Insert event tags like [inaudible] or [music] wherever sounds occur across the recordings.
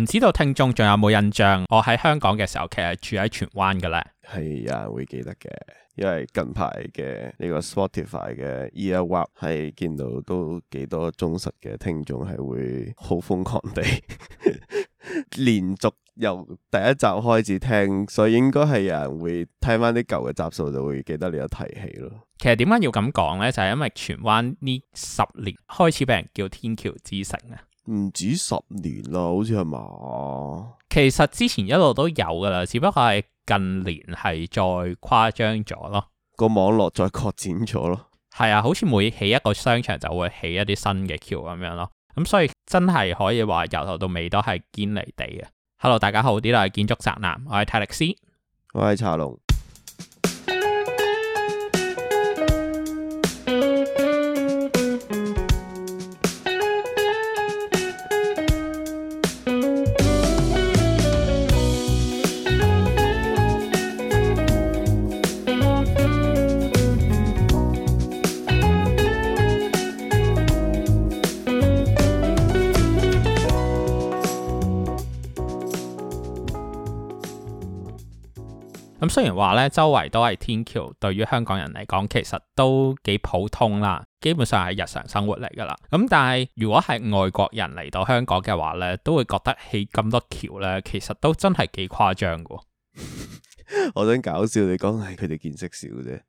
唔知道聽眾仲有冇印象？我喺香港嘅時候，其實住喺荃灣嘅咧，係有人會記得嘅，因為近排嘅呢個 Spotify 嘅 Ear Wrap 係見到都幾多忠實嘅聽眾係會好瘋狂地 [laughs] 連續由第一集開始聽，所以應該係有人會聽翻啲舊嘅集數就會記得你有提起咯。其實點解要咁講呢？就係、係、因為荃灣呢十年開始俾人叫天橋之城啊！唔止十年啦，好似係嘛？其實之前一路都有噶啦，只不過係近年係再誇張咗咯，個網絡再擴展咗咯。係啊，好似每起一個商場就會起一啲新嘅橋咁樣咯。咁所以真係可以話由頭到尾都係堅離地啊！Hello，大家好，呢度係建築宅男，我係泰力斯，我係茶龍。咁雖然話咧，周圍都係天橋，對於香港人嚟講，其實都幾普通啦。基本上係日常生活嚟㗎啦。咁但係如果係外國人嚟到香港嘅話咧，都會覺得起咁多橋咧，其實都真係幾誇張㗎喎。 [laughs] 我想搞笑你講，係佢哋見識少啫。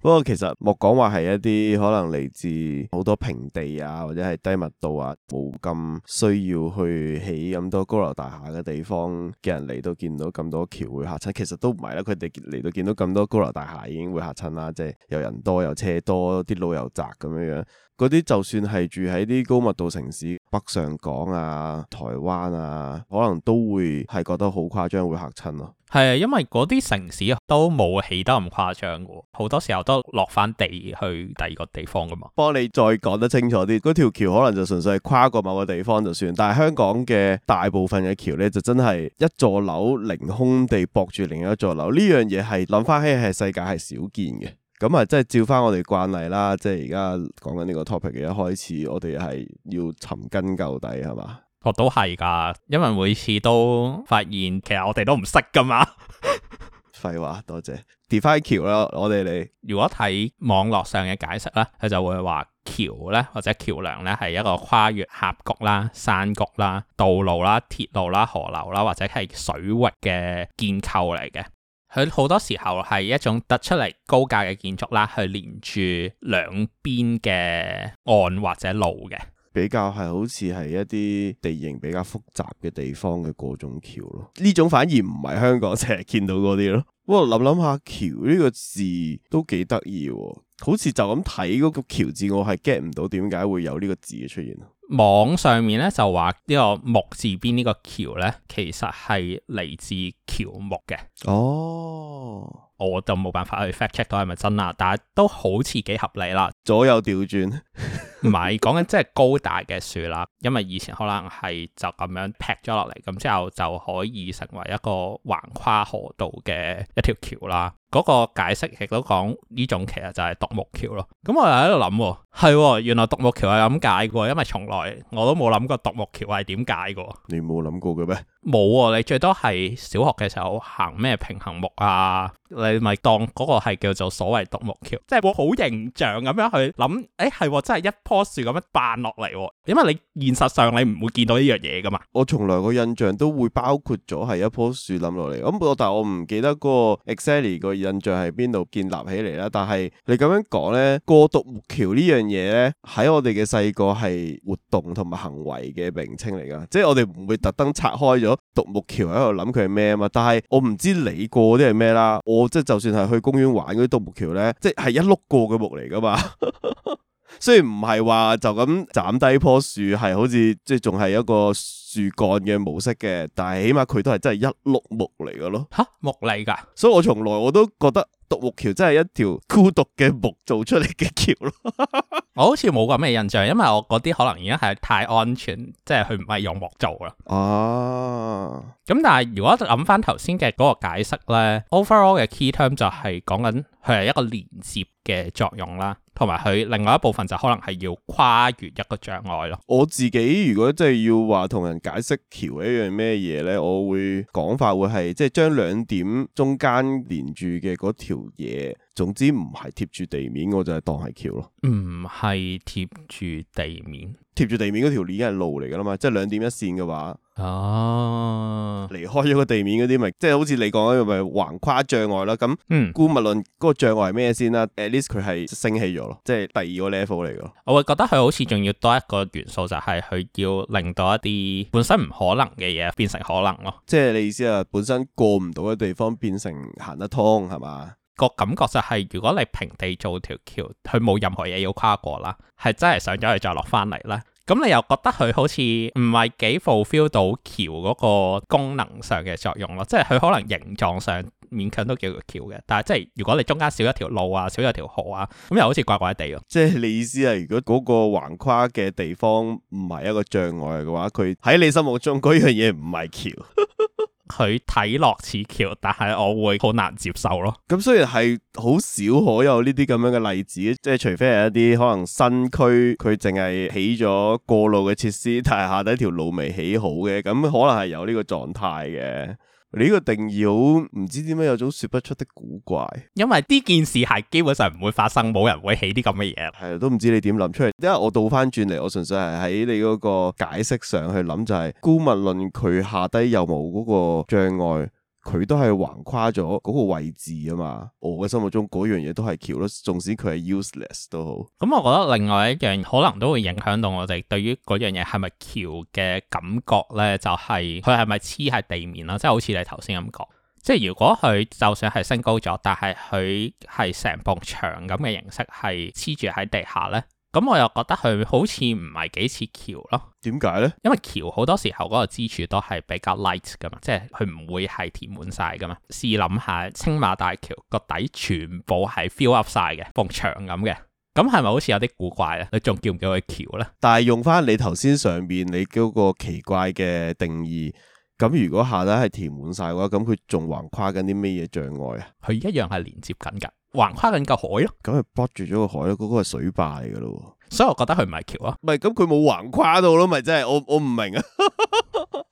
不過其實莫講話係一啲可能嚟自好多平地啊，或者係低密度啊，冇咁需要去起咁多高樓大廈嘅地方嘅人嚟到，見到咁多橋會吓親，其實都唔係啦。佢哋嚟到見到咁多高樓大廈已經會吓親啦，即係有人多，有車多，啲路又窄咁樣樣。嗰啲就算係住喺啲高密度城市，北上港啊，台灣啊，可能都會係覺得好誇張，會吓親咯。係啊，因為嗰啲城市都冇起得咁誇張噶，好多時候都落翻地去第二個地方噶嘛。幫你再講得清楚啲，嗰條橋可能就純粹係跨過某個地方就算，但係香港嘅大部分嘅橋呢，就真係一座樓凌空地駁住另一座樓，呢樣嘢係諗翻起係世界係少見嘅。咁啊，即係照返我哋慣例啦，即係而家講緊呢個 topic 嘅，一開始，我哋係要尋根究底，係嘛？哦，都係噶，因為每次都發現，其實我哋都唔識噶嘛。 [laughs] 廢話，多謝。define 橋啦，我哋嚟。如果睇網絡上嘅解釋咧，佢就會話橋咧或者橋樑咧係一個跨越峽谷啦、山谷啦、道路啦、鐵路啦、河流啦或者係水域嘅建構嚟嘅。佢好多時候係一種突出嚟、高架嘅建築啦，去連住兩邊嘅岸或者路嘅，比較係好似係一啲地形比較複雜嘅地方嘅各種橋咯。呢種反而唔係香港成日見到嗰啲咯。哇，諗諗下橋呢個字都幾得意，好似就咁睇嗰個橋字，我係 get 唔到點解會有呢個字嘅出現。網上面咧，就話呢個木字邊呢個橋咧，其實係嚟自喬木嘅。哦，我就冇辦法去 fact check 到係咪真啦，但係都好似幾合理啦。左右調轉，唔係講緊即係高大嘅樹啦，因為以前可能係就咁樣劈咗落嚟，咁之後就可以成為一個橫跨河道嘅一條橋啦。嗰個解釋亦都講呢種其實就係獨木橋咯。咁我又喺度諗，係、啊、原來獨木橋係咁解嘅，因為從來我都冇諗過獨木橋係點解嘅。你冇諗過嘅咩？冇啊！你最多係小學嘅時候行咩平衡木啊？你咪當嗰個係叫做所謂獨木橋，即係我好形象咁樣去諗，誒、哎、係、啊、真係一棵樹咁樣扮落嚟。因為你現實上你唔會見到呢樣嘢噶嘛。我從來個印象都會包括咗係一棵樹諗落嚟。咁我但係我唔記得個 exactly 個。印象係邊度建立起嚟啦？但係你咁樣講呢，過獨木橋呢樣嘢呢，喺我哋嘅細個係活動同埋行為嘅名稱嚟㗎，即係我哋唔會特登拆開咗獨木橋喺度諗佢係咩啊嘛。但係我唔知你過嗰啲係咩啦。我即係就算係去公園玩嗰啲獨木橋呢，即係一碌過嘅木嚟㗎嘛。 [laughs] 雖然唔係話就咁斬低棵樹，係好似即係仲係一個樹幹嘅模式嘅，但係起碼佢都係真係一碌木嚟嘅咯。吓，木嚟㗎，所以我從來我都覺得獨木橋真係一條孤獨嘅木做出嚟嘅橋咯。 [laughs] 我好似冇咁咩印象，因為我嗰啲可能而家係太安全，即係佢唔係用木做啦。哦、啊，咁但係如果諗翻頭先嘅嗰個解釋咧，overall 嘅 key term 就係講緊佢係一個連接嘅作用啦。同埋佢另外一部分就可能係要跨越一個障礙咯。我自己如果真係要話同人解釋橋一樣咩嘢咧，我會講法會係即係將兩點中間連住嘅嗰條嘢。總之唔係貼住地面，我就係當係橋咯。唔係貼住地面，貼住地面嗰條已經係路嚟噶啦嘛，即係兩點一線嘅話。哦、啊，離開咗個地面嗰啲咪即係好似你講嗰樣咪橫跨障礙啦。咁，嗯，姑勿論嗰個障礙係咩先啦。At least，佢係升起咗咯，即係第二個 level 嚟嘅。我會覺得佢好似仲要多一個元素，就係佢要令到一啲本身唔可能嘅嘢變成可能咯。即係你意思啊，本身過唔到嘅地方變成行得通係嘛？個感覺就係，如果你平地做條橋，佢冇任何嘢要跨過啦，係真係上咗去再落翻嚟咧。咁你又覺得佢好似唔係幾 fulfill 到橋嗰個功能上嘅作用咯？即係佢可能形狀上勉強都叫做橋嘅，但係即係如果你中間少一條路啊，少咗條河啊，咁又好似怪怪地咯。即係你意思係，如果嗰個橫跨嘅地方唔係一個障礙嘅話，佢喺你心目中嗰樣嘢唔係橋？ [laughs] 佢睇落似橋，但係我會好難接受咯。咁雖然係好少可有呢啲咁樣嘅例子，即係除非係一啲可能新區佢淨係起咗過路嘅設施，但係下底條路未起好嘅，咁可能係有呢個狀態嘅。你呢個定義好唔知點解有種說不出的古怪，因為呢件事係基本上唔會發生，冇人會起啲咁嘅嘢。係，都唔知你點諗出嚟。因為我倒翻轉嚟，我純粹係喺你嗰個解釋上去諗，就是，就係姑勿論佢下低有冇嗰個障礙。佢都係橫跨咗嗰個位置啊嘛，我嘅心目中嗰樣嘢都係橋咯，縱使佢係 useless 都好。咁、嗯、我覺得另外一樣可能都會影響到我哋對於嗰樣嘢係咪橋嘅感覺咧，就係佢係咪黐喺地面啦，即係好似你頭先咁講，即係如果佢就算係升高咗，但係佢係成埲牆咁嘅形式係黐住喺地下咧。咁我又覺得佢好似唔係幾似橋咯。點解呢？因為橋好多時候嗰個支柱都係比較 light 噶嘛，即係佢唔會係填滿晒噶嘛。試諗下，青馬大橋個底全部係 fill up 晒嘅，埲牆咁嘅。咁係咪好似有啲古怪咧？你仲叫唔叫佢橋呢？但係用翻你頭先上邊你嗰個奇怪嘅定義，咁如果下底係填滿晒嘅話，咁佢仲橫跨緊啲咩嘢障礙啊？佢一樣係連接緊㗎。橫跨緊個海咯，咁係 block 住咗個海咯，嗰個係水壩嚟噶咯，所以我覺得佢唔係橋啊。唔係，咁佢冇橫跨到咯，咪真係我我唔明啊。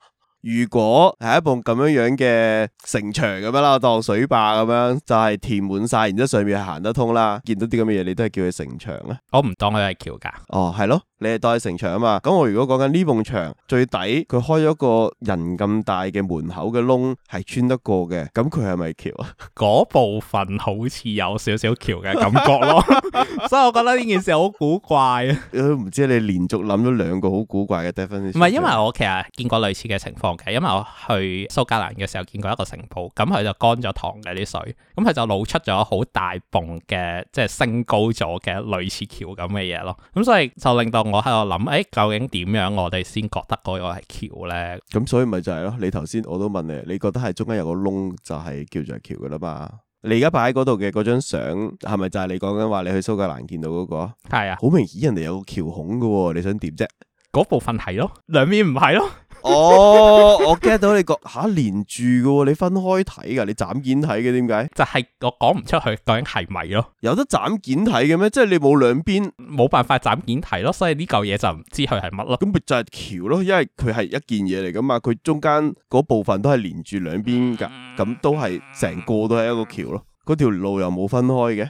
[laughs] 如果係一埲咁樣樣嘅城牆咁樣啦，我當水壩咁樣就係填滿晒，然之後上面行得通啦，見到啲咁嘅嘢，你都係叫佢城牆啊？我唔當佢係橋噶。哦，係咯，你係當佢城牆啊嘛。咁我如果講緊呢埲牆最底佢開咗個人咁大嘅門口嘅窿，係穿得過嘅，咁佢係咪橋啊？嗰部分好似有少少橋嘅感覺咯， [laughs] [laughs] 所以我覺得呢件事好古怪啊。唔知你連續諗咗兩個好古怪嘅 definition？唔係，因為我其實見過類似嘅情況。因為我去蘇格蘭嘅時候，見過一個城堡，咁佢就乾咗塘嘅啲水，咁佢就露出咗好大泵嘅，即係升高咗嘅類似橋咁嘅嘢咯，咁所以就令到我喺度諗，誒，究竟點樣我哋先覺得嗰個係橋咧？咁所以咪就係咯，你頭先我都問你，你覺得係中間有個窿就係叫做橋噶啦嘛？你而家擺喺嗰度嘅嗰張相係咪就係你講緊話你去蘇格蘭見到嗰個？係啊，好明顯人哋有個橋孔噶，你想點啫？嗰部分係咯，兩邊唔係咯。哦， [laughs] 我 get 到你個吓連住噶，你分開睇噶，你斬件睇嘅點解？就係我講唔出去究竟係咪咯？有得斬件睇嘅咩？即係你冇兩邊冇辦法斬件睇咯，所以呢嚿嘢就唔知佢係乜咯。咁咪就係橋咯，因為佢係一件嘢嚟噶嘛，佢中間嗰部分都係連住兩邊噶，咁都係成個都係一個橋咯。嗰條路又冇分開嘅，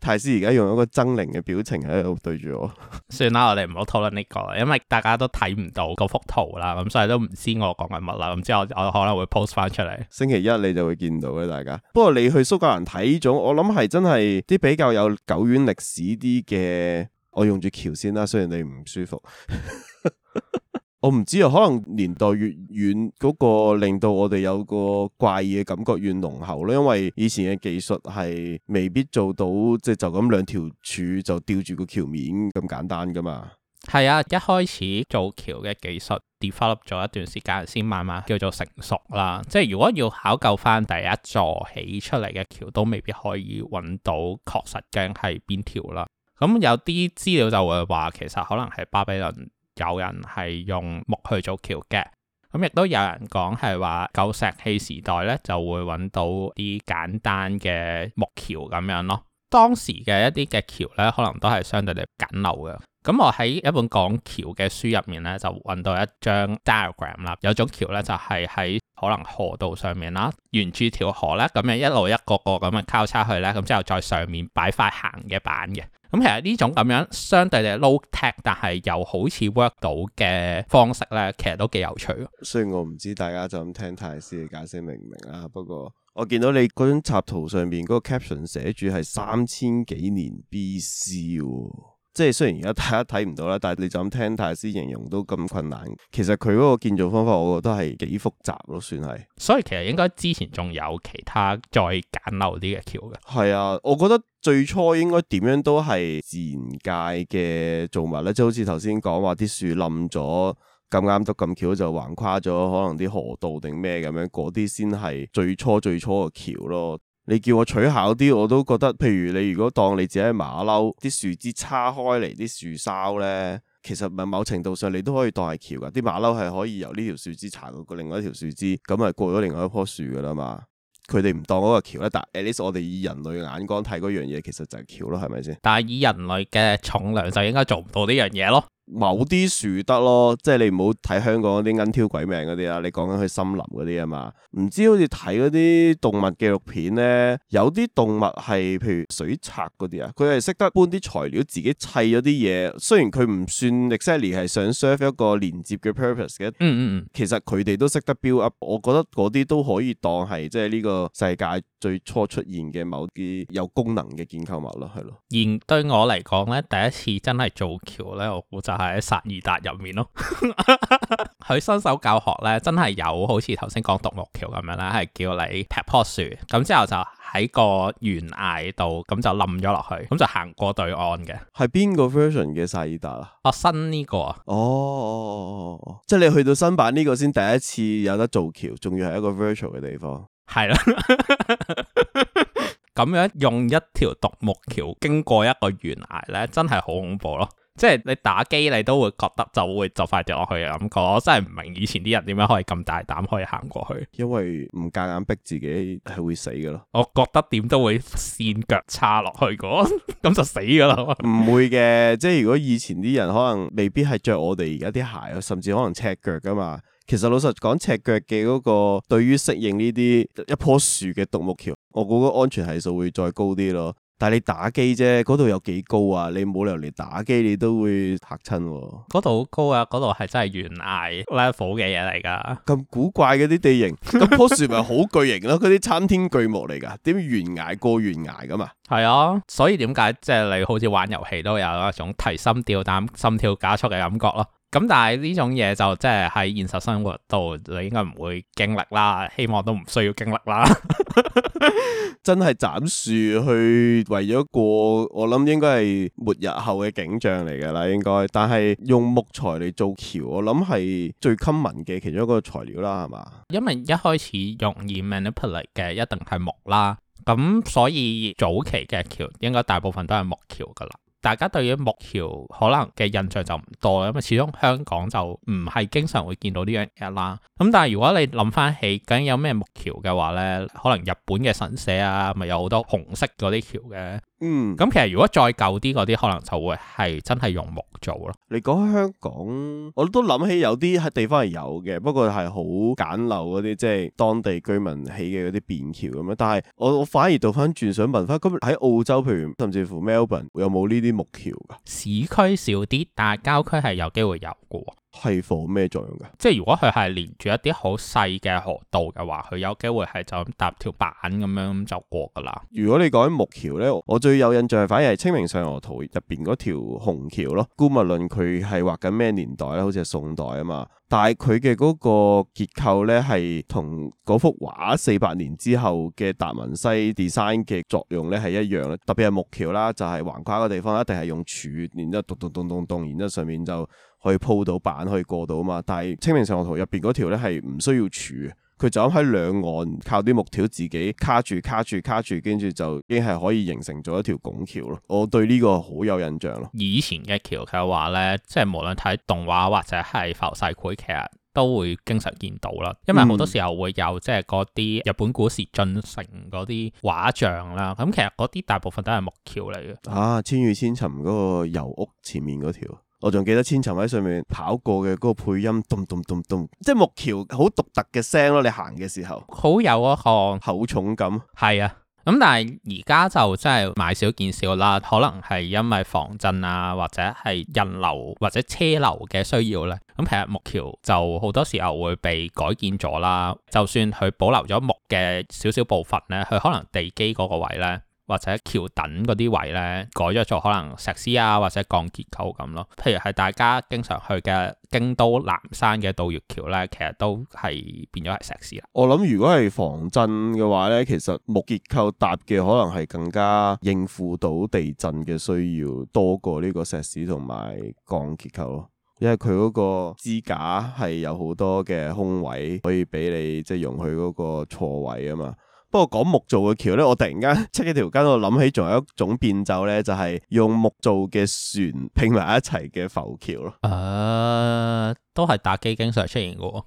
泰斯而家用一個猙獰嘅表情喺度對住我。算啦，我哋唔好討論呢個，因為大家都睇唔到嗰幅圖啦，咁、嗯、所以都唔知我講緊乜啦。咁之後我可能會 post 翻出嚟，星期一你就會見到嘅，大家。不過你去蘇格蘭睇種，我諗係真係啲比較有久遠歷史啲嘅。我用住橋先啦，雖然你唔舒服。 [laughs] 我唔知啊，可能年代越遠嗰個令到我哋有個怪異嘅感覺越濃厚咯，因為以前嘅技術係未必做到，即係就咁兩條柱就吊住個橋面咁簡單噶嘛。係啊，一開始做橋嘅技術 develop 咗一段時間先，慢慢叫做成熟啦。即係如果要考究翻第一座起出嚟嘅橋，都未必可以揾到確實嘅係邊條啦。咁有啲資料就會話，其實可能係巴比倫。有人係用木去做橋嘅，咁亦都有人講係話舊石器時代咧就會揾到啲簡單嘅木橋咁樣咯。當時嘅一啲嘅橋咧，可能都係相對嚟簡陋嘅。咁我喺一本講橋嘅書入面咧，就揾到一張 diagram 啦。有種橋咧就係、是、喺可能河道上面啦，沿住條河咧咁樣一路一個個咁樣交叉去咧，咁之後在上面擺塊行嘅板嘅。咁、嗯、其實呢種咁樣相對地 low tech，但係又好似 work 到嘅方式咧，其實都幾有趣。雖然我唔知大家就咁聽泰斯嘅解釋明唔明啦，嗯、不過我見到你嗰張插圖上面嗰個 caption 寫住係三千幾年 B.C.、哦即係雖然而家大家睇唔到啦，但係你就咁聽大師形容都咁困難。其實佢嗰個建造方法，我覺得係幾複雜咯，算係。所以其實應該之前仲有其他再簡陋啲嘅橋嘅。係啊，我覺得最初應該點樣都係自然界嘅造物咧，即係好似頭先講話啲樹冧咗，咁啱得咁巧就橫跨咗可能啲河道定咩咁樣，嗰啲先係最初最初嘅橋咯。你叫我取巧啲，我都覺得，譬如你如果當你自己係馬騮，啲樹枝叉開嚟，啲樹梢咧，其實唔某程度上你都可以當係橋噶，啲馬騮係可以由呢條樹枝爬過另外一條樹枝，咁咪過咗另外一棵樹噶啦嘛。佢哋唔當嗰個橋咧，但 at least 我哋以人類眼光睇嗰樣嘢，其實就係橋咯，係咪先？但係以人類嘅重量，就應該做唔到呢樣嘢咯。某啲樹得咯，即係你唔好睇香港嗰啲鈴鈴鬼命嗰啲啊。你講緊去森林嗰啲啊嘛，唔知好似睇嗰啲動物紀錄片咧，有啲動物係譬如水獺嗰啲啊，佢係識得搬啲材料自己砌咗啲嘢。雖然佢唔算 exactly 係想 serve 一個連接嘅 purpose 嘅，嗯嗯嗯，其實佢哋都識得 build up。我覺得嗰啲都可以當係即係呢個世界最初出現嘅某啲有功能嘅建築物咯，係咯。而對我嚟講咧，第一次真係造橋咧，我負責。喺薩爾達入面咯， [laughs] 佢新手教學咧，真係有好似頭先講獨木橋咁樣啦，係叫你劈棵樹，咁之後就喺個懸崖度，咁就冧咗落去，咁就行過對岸嘅。係邊個 version 嘅薩爾達啊？哦，新呢個啊，哦，哦，哦，哦，哦，即係你去到新版呢個先第一次有得造橋，仲要係一個 virtual 嘅地方，係是啦 [laughs] 咁 [laughs] 樣用一條獨木橋經過一個懸崖咧，真係好恐怖咯～即係你打機，你都會覺得就會就快掉落去嘅感覺。我真係唔明以前啲人點解可以咁大膽可以行過去。因為唔夾硬逼自己係會死嘅咯。我覺得點都會跣腳叉落去嗰，咁就死嘅啦。唔會嘅，即係如果以前啲人可能未必係着我哋而家啲鞋啊，甚至可能赤腳噶嘛。其實老實講，赤腳嘅嗰個對於適應呢啲一棵樹嘅獨木橋，我估個安全係數會再高啲咯。但係你打機啫，嗰度有幾高啊？你冇理由嚟打機，你都會嚇親喎、啊。嗰度好高啊！嗰度係真係懸崖 level 嘅嘢嚟噶。咁古怪嗰啲地形，咁棵樹咪好巨型咯、啊？嗰啲參天巨木嚟噶，點樣懸崖過懸崖噶嘛？係啊，所以點解即係你好似玩遊戲都有一種提心吊膽、心跳加速嘅感覺咯？咁但係呢種嘢就即係喺現實生活度，你應該唔會經歷啦，希望都唔需要經歷啦。 [laughs] [laughs] 真係斬樹去為咗過，我諗應該係末日後嘅景象嚟噶啦，應該。但係用木材嚟做橋，我諗係最 common 嘅其中一個材料啦，係嘛？因為一開始容易 manipulate 嘅一定係木啦，咁所以早期嘅橋應該大部分都係木橋噶啦。大家對於木橋可能嘅印象就唔多啦，因為始終香港就唔係經常會見到呢樣嘢啦。咁但係如果你諗翻起究竟有咩木橋嘅話呢，可能日本嘅神社啊，咪有好多紅色嗰啲橋嘅。嗯，咁其實如果再舊啲嗰啲，可能就會係真係用木做咯。你講香港，我都諗起有啲地方係有嘅，不過係好簡陋嗰啲，即係當地居民起嘅嗰啲便橋咁樣。但係我我反而倒翻轉想問翻，咁喺澳洲，譬如甚至乎 Melbourne 有冇呢啲木橋㗎？市區少啲，但係郊區係有機會有嘅。係做咩作用嘅？即係如果佢係連住一啲好細嘅河道嘅話，佢有機會係就搭條板咁樣就過噶啦。如果你講緊木橋咧，我最有印象反而係清明上河圖入邊嗰條虹橋咯。姑勿論佢係畫緊咩年代咧？好似係宋代啊嘛。但係佢嘅嗰個結構咧，係同嗰幅畫四百年之後嘅達文西 design 嘅作用咧係一樣啦。特別係木橋啦，就係、是、橫跨嘅地方，一定係用柱，然之後洞洞洞洞洞，然之後上面就可以鋪到板可以過到啊嘛。但係清明上河圖入邊嗰條咧係唔需要柱。佢就喺兩岸靠啲木條自己卡住卡住卡住，跟住就已經係可以形成咗一條拱橋咯。我對呢個好有印象咯。以前嘅橋嘅話咧，即係無論睇動畫或者係浮世繪，其實都會經常見到啦。因為好多時候會有、嗯、即係嗰啲日本古時進城嗰啲畫像啦。咁其實嗰啲大部分都係木橋嚟嘅。啊，千與千尋嗰個油屋前面嗰條。我仲記得千尋喺上面跑過嘅嗰個配音，咚咚咚咚，即係木橋好獨特嘅聲咯。你行嘅時候，好有一項厚重感。係啊，咁、嗯、但係而家就真係買少見少啦。可能係因為防震啊，或者係人流或者車流嘅需要咧。咁其實木橋就好多時候會被改建咗啦。就算佢保留咗木嘅少少部分咧，佢可能地基嗰個位咧。或者橋墩嗰啲位咧，改咗做可能石屎啊，或者鋼結構咁咯。譬如係大家經常去嘅京都南山嘅渡月橋咧，其實都係變咗係石屎啦。我諗如果係防震嘅話咧，其實木結構搭嘅可能係更加應付到地震嘅需要多過呢個石屎同埋鋼結構咯，因為佢嗰個支架係有好多嘅空位可以俾你即係、就是、容許嗰個錯位啊嘛。不過講木造嘅橋咧，我突然間出咗條筋，我諗起仲有一種變奏咧，就係、是、用木造嘅船拼埋一齊嘅浮橋咯。誒，uh, 都係打機經常出現嘅。呢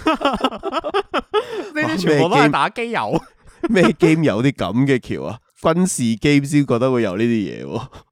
[laughs] 啲 [laughs] [laughs] [laughs] 全部都係打機、 [laughs] 啊、有咩 game 有啲咁嘅橋啊？軍事 game 先覺得會有呢啲嘢。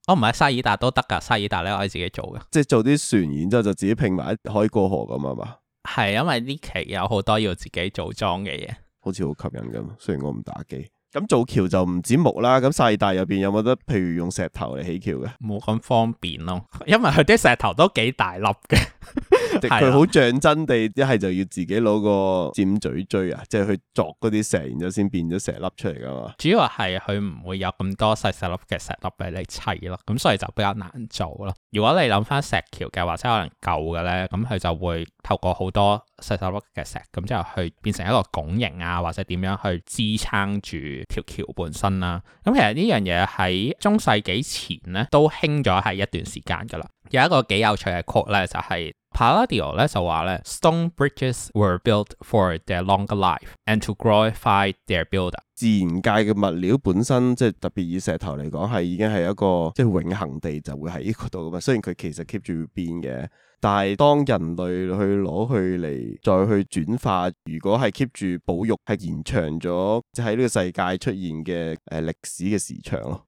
我唔係沙爾達都得噶，沙爾達咧我可以自己做嘅，即係做啲船，然之後就自己拼埋可以過河咁啊嘛。係因為呢期有好多要自己組裝嘅嘢。好似好吸引咁，雖然我唔打機。咁做橋就唔止木啦，咁細大入邊有冇得，譬如用石頭嚟起橋嘅？冇咁方便咯，因為佢啲石頭都幾大粒嘅。 [laughs] 佢好象真地一係就要自己攞個尖嘴椎啊，即係去鑿嗰啲石，然之後先變咗石粒出嚟噶嘛。主要係佢唔會有咁多細細粒嘅石粒俾你砌咯，咁所以就比較難做咯。如果你諗翻石橋嘅或者可能舊嘅咧，咁佢就會透過好多細細粒嘅石，咁之後去變成一個拱形啊，或者點樣去支撐住條橋本身啦、啊。咁其實呢樣嘢喺中世紀前咧都興咗係一段時間噶啦。有一個幾有趣嘅曲 o 咧，就係、是。Palladio 咧就話咧，stone bridges were built for their longer life and to glorify their builder。自然界嘅物料本身，即係特別以石頭嚟講，係已經係一個即係永恆地就會喺呢度㗎嘛。雖然佢其實 keep 住變嘅，但係當人類去攞去嚟再去轉化，如果係 keep 住保育，係延長咗即喺呢個世界出現嘅誒歷史嘅時長咯。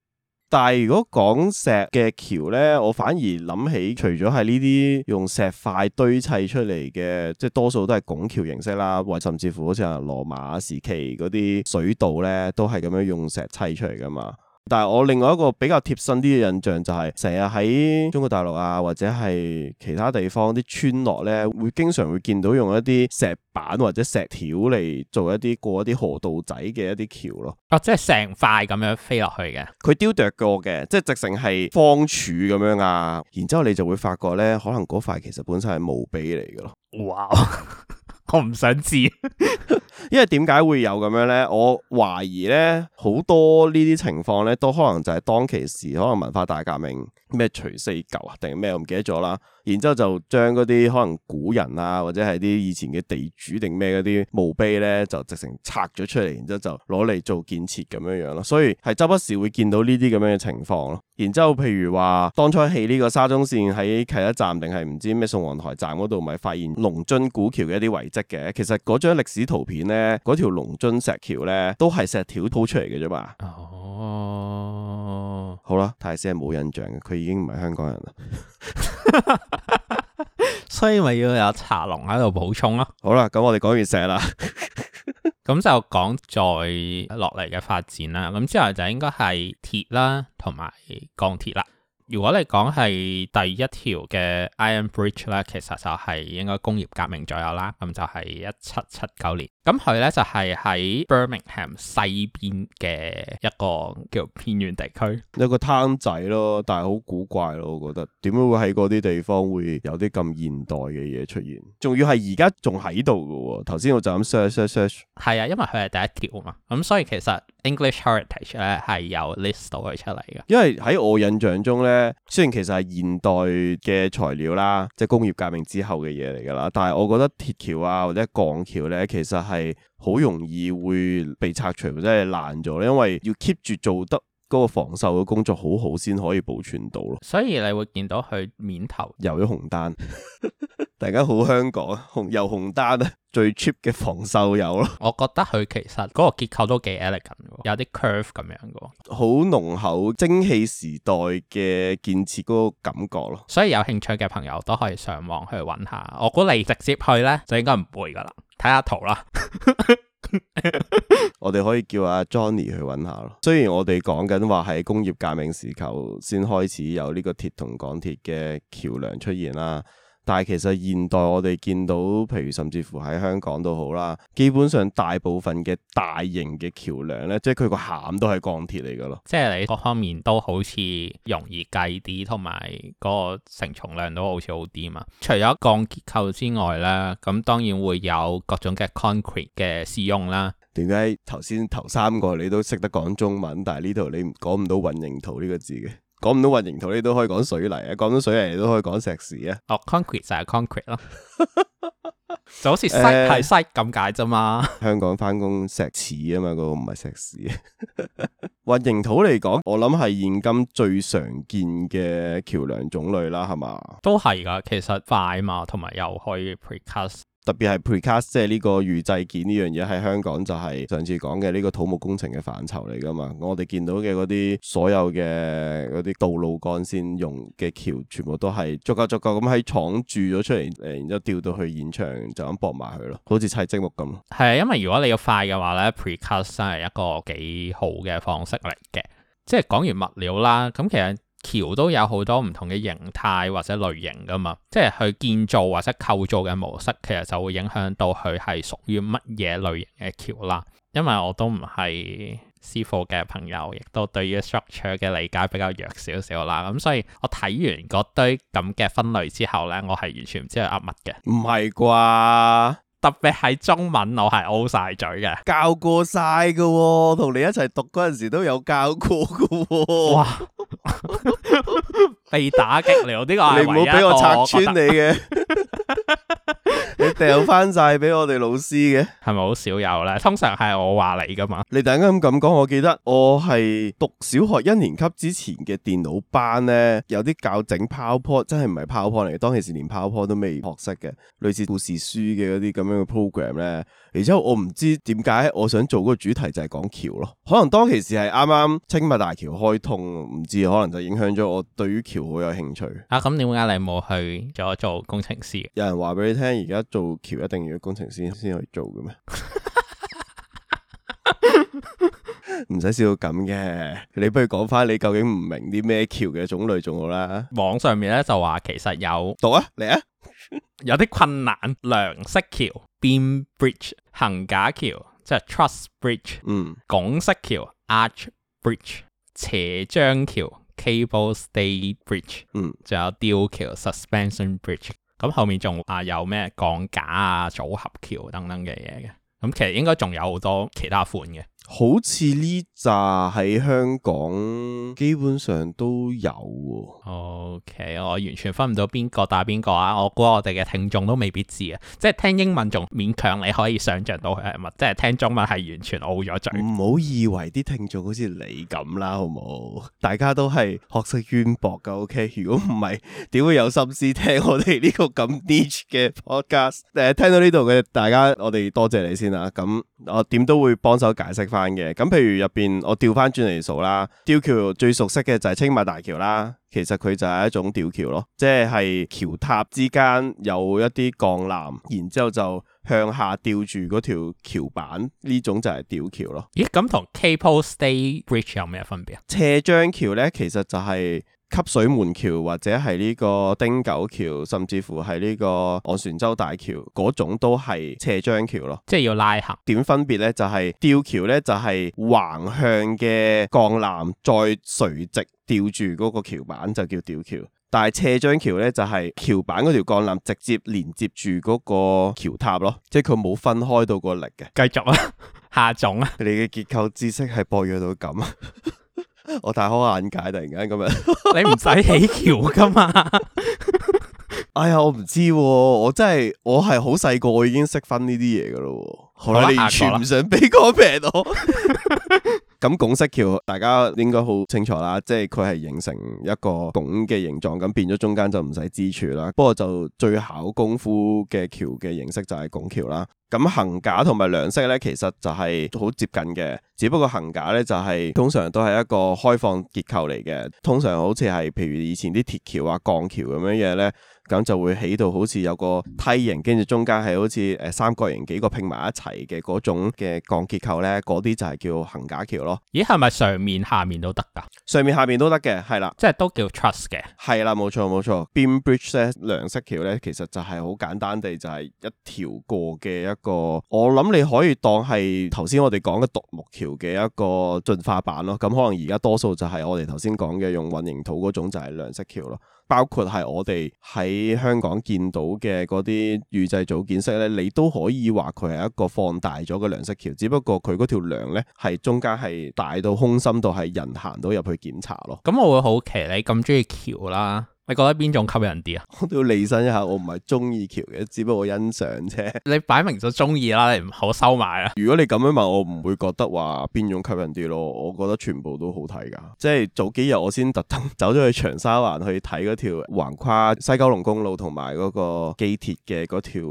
但係如果講石嘅橋咧，我反而諗起除咗係呢啲用石塊堆砌出嚟嘅，即係多數都係拱橋形式啦，或甚至乎好似係羅馬時期嗰啲水道咧，都係咁樣用石砌出嚟噶嘛。但係我另外一個比較貼身啲嘅印象就係成日喺中國大陸啊，或者係其他地方啲村落咧，會經常會見到用一啲石板或者石條嚟做一啲過一啲河道仔嘅一啲橋咯哦、啊、即係成塊咁樣飛落去嘅，佢丟掉過嘅，即係直成係方柱咁樣啊，然之後你就會發覺咧，可能嗰塊其實本身係墓碑嚟嘅咯哇。 [laughs] 我唔想知， [laughs] 因為點解會有咁樣咧？我懷疑咧，好多呢啲情況咧，都可能就係當其時可能文化大革命。咩除四舊啊，定係咩我唔記得咗啦。然之後就將嗰啲可能古人啊，或者係啲以前嘅地主定咩嗰啲墓碑咧，就直成拆咗出嚟，然之後就攞嚟做建設咁樣樣、啊、咯。所以係周不時會見到呢啲咁樣嘅情況咯。然之後譬如話當初起呢個沙中線喺啟德站定係唔知咩宋皇台站嗰度，咪發現龍津古橋嘅一啲遺跡嘅。其實嗰張歷史圖片咧，嗰條龍津石橋咧都係石條鋪出嚟嘅啫嘛。哦。好啦，泰斯係冇印象嘅，佢已經唔係香港人啦， [laughs] [laughs] [laughs] 所以咪要有茶龍喺度補充咯。好啦，咁我哋講完石啦，咁就講再落嚟嘅發展啦。咁之後就應該係鐵啦，同埋鋼鐵啦。如果你講係第一條嘅 Iron Bridge 咧，其實就係應該工業革命左右啦，咁、嗯、就係一七七九年。咁佢咧就係、是、喺 Birmingham 西邊嘅一個叫做偏遠地區，一個攤仔咯，但係好古怪咯，我覺得點解會喺嗰啲地方會有啲咁現代嘅嘢出現？仲要係而家仲喺度嘅喎。頭先我就咁 search search search，係啊，因為佢係第一條啊嘛，咁、嗯、所以其實 English Heritage 咧係有 list 到佢出嚟嘅。因為喺我印象中咧。雖然其實係現代嘅材料啦，即係工業革命之後嘅嘢嚟噶啦，但係我覺得鐵橋啊或者鋼橋咧，其實係好容易會被拆除，即係爛咗咧，因為要 keep 住做得。嗰個防鏽嘅工作好好先可以保存到咯，所以你會見到佢面頭有咗紅丹，突然好香港啊，紅油紅丹啊，最 cheap 嘅防鏽油咯。我覺得佢其實嗰個結構都幾 elegant，有啲 curve 咁樣嘅，好濃厚蒸汽時代嘅建設嗰個感覺咯。所以有興趣嘅朋友都可以上網去揾下，我估你直接去咧就應該唔會噶啦。睇下圖啦， [laughs] [laughs] 我哋可以叫阿 Johnny 去揾下咯。雖然我哋講緊話喺工業革命時期先開始有呢個鐵同港鐵嘅橋梁出現啦。但係其實現代我哋見到，譬如甚至乎喺香港都好啦，基本上大部分嘅大型嘅橋梁咧，即係佢個餡都係鋼鐵嚟㗎咯，即係你各方面都好似容易計啲，同埋嗰個承重量都好似好啲嘛。除咗鋼結構之外咧，咁當然會有各種嘅 concrete 嘅使用啦。點解頭先頭三個你都識得講中文，但係呢度你講唔到混凝土呢個字嘅？講唔到混凝土，你都可以講水泥啊！講到水泥，你都可以講石屎啊！哦、oh，concrete 就係 concrete 咯， [laughs] 就好似、欸、 [laughs] 石係石咁解啫嘛。香港翻工，石屎啊嘛，嗰個唔係石屎。混 [laughs] 凝土嚟講，我諗係現今最常見嘅橋梁種類啦，係嘛？都係噶，其實快嘛，同埋又可以特別係 precast 即係呢個預製件呢樣嘢喺香港就係上次講嘅呢個土木工程嘅範疇嚟噶嘛。我哋見到嘅嗰啲所有嘅啲道路幹線用嘅橋，全部都係逐個逐個咁喺廠鑄咗出嚟，誒，然之後吊到去現場就咁駁埋佢咯，好似砌積木咁。係，因為如果你要快嘅話咧，precast 真係一個幾好嘅方式嚟嘅。即係講完物料啦，咁其實。橋都有好多唔同嘅形態或者類型噶嘛，即係佢建造或者構造嘅模式，其實就會影響到佢係屬於乜嘢類型嘅橋啦。因為我都唔係師傅嘅朋友，亦都對於 structure 嘅理解比較弱少少啦。咁所以我睇完嗰堆咁嘅分類之後呢，我係完全唔知佢噏乜嘅。唔係啩？特別係中文，我係拗晒嘴嘅。教過晒嘅喎，同你一齊讀嗰陣時都有教過嘅喎、哦。哇！被打擊了，呢個係唯一一個。冇俾我拆穿你嘅。 [laughs] 你掉翻晒俾我哋老師嘅，係咪好少有咧？通常係我話你噶嘛。你突然間咁講，我記得我係讀小學一年級之前嘅電腦班呢，有啲教整 PowerPoint，真係唔係 PowerPoint 嚟，當其時連 PowerPoint 都未學識嘅，類似故事書嘅嗰啲咁樣嘅 program 呢。而且我唔知點解，我想做嗰個主題就係講橋咯。可能當其時係啱啱青馬大橋開通，唔知可能就影響咗我對於橋好有興趣。啊，咁點解你冇去咗做工程師？有人話俾你聽，而家。做橋一定要工程師先去做嘅咩？唔使， [laughs] [laughs] 笑到咁嘅，你不如講翻你究竟唔明啲咩橋嘅種類仲好啦。網上面咧就話其實有，讀啊嚟啊， [laughs] 有啲困難。梁式橋 （Beam Bridge）、桁架橋（即係 Truss Bridge）、嗯、拱式橋 （Arch Bridge）、斜張橋 （Cable Stay Bridge）、嗯、仲有吊橋 （Suspension Bridge）。咁後面仲啊有咩鋼架啊、組合橋等等嘅嘢嘅，咁其實應該仲有好多其他款嘅。好似呢扎喺香港基本上都有，OK，我完全分唔到邊個打邊個啊！我估我哋嘅聽眾都未必知啊，即係聽英文仲勉強你可以想象到佢係乜，即係聽中文係完全拗咗嘴。唔好以為啲聽眾好似你咁啦，好唔好？大家都係學識淵博㗎，OK。如果唔係，點會有心思聽我哋呢個咁 niche 嘅 podcast？誒、呃，聽到呢度嘅大家，我哋多謝，謝你先啦。咁我點都會幫手解釋。翻嘅咁，譬如入邊我調翻轉嚟數啦，吊橋最熟悉嘅就係青馬大橋啦，其實佢就係一種吊橋咯，即係橋塔之間有一啲鋼纜，然之後就向下吊住嗰條橋板，呢種就係吊橋咯。咦，咁同 Cable Stay Bridge 有咩分別啊？斜張橋咧，其實就係、是。吸水門橋或者係呢個汀九橋，甚至乎係呢個昂船洲大橋，嗰種都係斜張橋咯。即係要拉合點分別呢？就係、是、吊橋呢，就係、是、橫向嘅鋼纜再垂直吊住嗰個橋板就叫吊橋，但係斜張橋呢，就係、是、橋板嗰條鋼纜直接連接住嗰個橋塔咯，即係佢冇分開到個力嘅。繼續啊，夏總啊，你嘅結構知識係薄弱到咁 [laughs] 我大開眼界，突然間咁樣， [laughs] 你唔使起橋噶嘛？ [laughs] 哎呀，我唔知、啊，我真係我係好細個，我已經識分呢啲嘢噶咯。好啦吧，你完全唔想俾哥平我。 [laughs] 咁拱式橋大家應該好清楚啦，即係佢係形成一個拱嘅形狀，咁變咗中間就唔使支柱啦。不過就最考功夫嘅橋嘅形式就係拱橋啦。咁桁架同埋梁式咧，其實就係好接近嘅，只不過桁架咧就係、是、通常都係一個開放結構嚟嘅，通常好似係譬如以前啲鐵橋啊、鋼橋咁樣嘢咧，咁就會起到好似有個梯形，跟住中間係好似誒三角形幾個拼埋一齊嘅嗰種嘅鋼結構咧，嗰啲就係叫桁架橋咯。咦，係咪上面、下面都得噶？上面、下面都得嘅，係啦，即係都叫 trust 嘅。係啦，冇錯冇錯。Beam Bridge 咧，梁式橋咧，其實就係好簡單地，就係一條過嘅一個。我諗你可以當係頭先我哋講嘅獨木橋嘅一個進化版咯。咁可能而家多數就係我哋頭先講嘅用混凝土嗰種就係梁式橋咯。包括係我哋喺香港見到嘅嗰啲預製組件式咧，你都可以話佢係一個放大咗嘅梁式橋，只不過佢嗰條梁咧，係中間係大到空心度係人行到入去檢查咯。咁我會好奇你咁鍾意橋啦。你覺得邊種吸引啲啊？我都要理身一下，我唔係中意橋嘅，只不過我欣賞啫。你擺明就中意啦，你唔好收埋啦。如果你咁樣問，我唔會覺得話邊種吸引啲咯。我覺得全部都好睇㗎。即係早幾日我先特登走咗去長沙灣去睇嗰條橫跨西九龍公路同埋嗰個機鐵嘅嗰條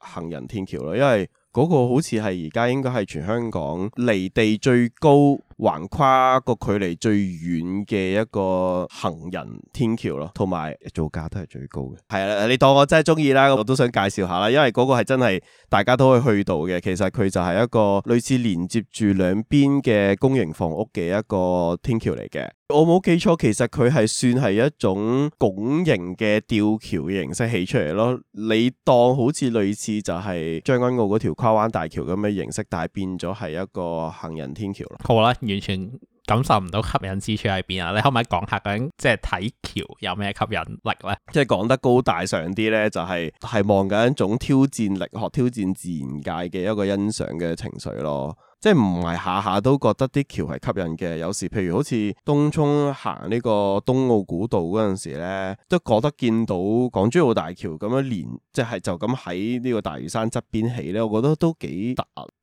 行人天橋咯，因為嗰個好似係而家應該係全香港離地最高。橫跨個距離最遠嘅一個行人天橋咯，同埋造價都係最高嘅。係啦，你當我真係中意啦，我都想介紹下啦，因為嗰個係真係大家都可以去到嘅。其實佢就係一個類似連接住兩邊嘅公營房屋嘅一個天橋嚟嘅。我冇記錯，其實佢係算係一種拱形嘅吊橋嘅形式起出嚟咯。你當好似類似就係將軍澳嗰條跨灣大橋咁嘅形式，但係變咗係一個行人天橋咯。好啦。完全感受唔到吸引之處喺邊啊？你可唔可以講下究竟即係睇橋有咩吸引力咧？即係講得高大上啲咧，就係，就係係望緊一種挑戰力學、挑戰自然界嘅一個欣賞嘅情緒咯。即係唔係下下都覺得啲橋係吸引嘅，有時譬如好似東涌行呢個東澳古道嗰陣時咧，都覺得見到港珠澳大橋咁樣連，即係就咁喺呢個大嶼山側邊起咧，我覺得都幾突。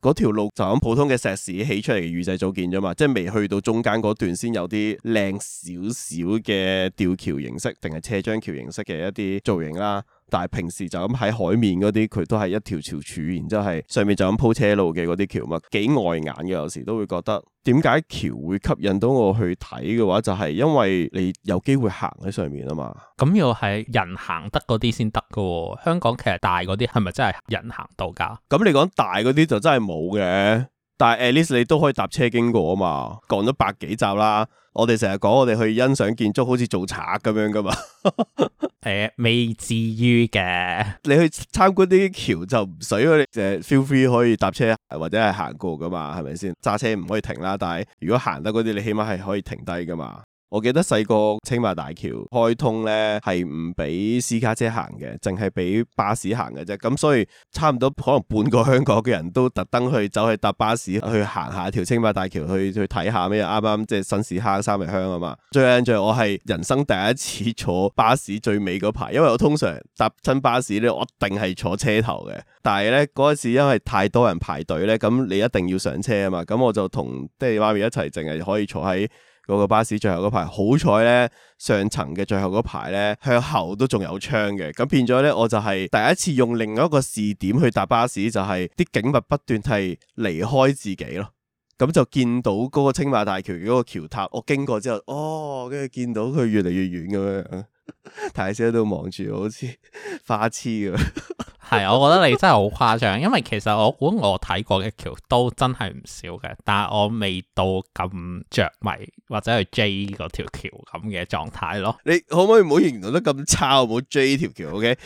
嗰條路就咁普通嘅石屎起出嚟嘅預製組件咗嘛，即係未去到中間嗰段先有啲靚少少嘅吊橋形式，定係斜張橋形式嘅一啲造型啦。但係平時就咁喺海面嗰啲，佢都係一條條柱，然之後係上面就咁鋪車路嘅嗰啲橋嘛，幾礙眼嘅。有時都會覺得點解橋會吸引到我去睇嘅話，就係因為你有機會行喺上面啊嘛。咁又係人行得嗰啲先得㗎喎。香港其實大嗰啲係咪真係人行到㗎？咁你講大嗰啲就真係冇嘅。但係 at least 你都可以搭車經過啊嘛。講咗百幾集啦，我哋成日講我哋去欣賞建築好似做賊咁樣㗎嘛。 [laughs] 誒，uh, 未至於嘅。你去參觀啲橋就唔使，我哋淨係 feel free 可以搭車，或者係行過㗎嘛，係咪先？揸車唔可以停啦，但係如果行得嗰啲，你起碼係可以停低㗎嘛。我記得細個青馬大橋開通咧，係唔俾私家車行嘅，淨係俾巴士行嘅啫。咁所以差唔多可能半個香港嘅人都特登去走去搭巴士去行下條青馬大橋，去去睇下咩啱啱即係新屎坑三日香啊嘛。最有印象我係人生第一次坐巴士最尾嗰排，因為我通常搭親巴士咧，我一定係坐車頭嘅。但係咧嗰陣時因為太多人排隊咧，咁你一定要上車啊嘛。咁我就同爹哋媽咪一齊，淨係可以坐喺。嗰個巴士最後嗰排好彩咧，上層嘅最後嗰排咧向後都仲有窗嘅，咁變咗咧我就係第一次用另外一個視點去搭巴士，就係、是、啲景物不斷係離開自己咯，咁就見到嗰個青馬大橋嗰個橋塔，我經過之後，哦，跟住見到佢越嚟越遠咁樣，睇住喺度望住，好似花痴咁。 [laughs] 係， [laughs] 我覺得你真係好誇張，因為其實我估我睇過嘅橋都真係唔少嘅，但係我未到咁着迷或者去追嗰條橋咁嘅狀態咯。你可唔可以唔好形容得咁差，唔好追條橋，OK？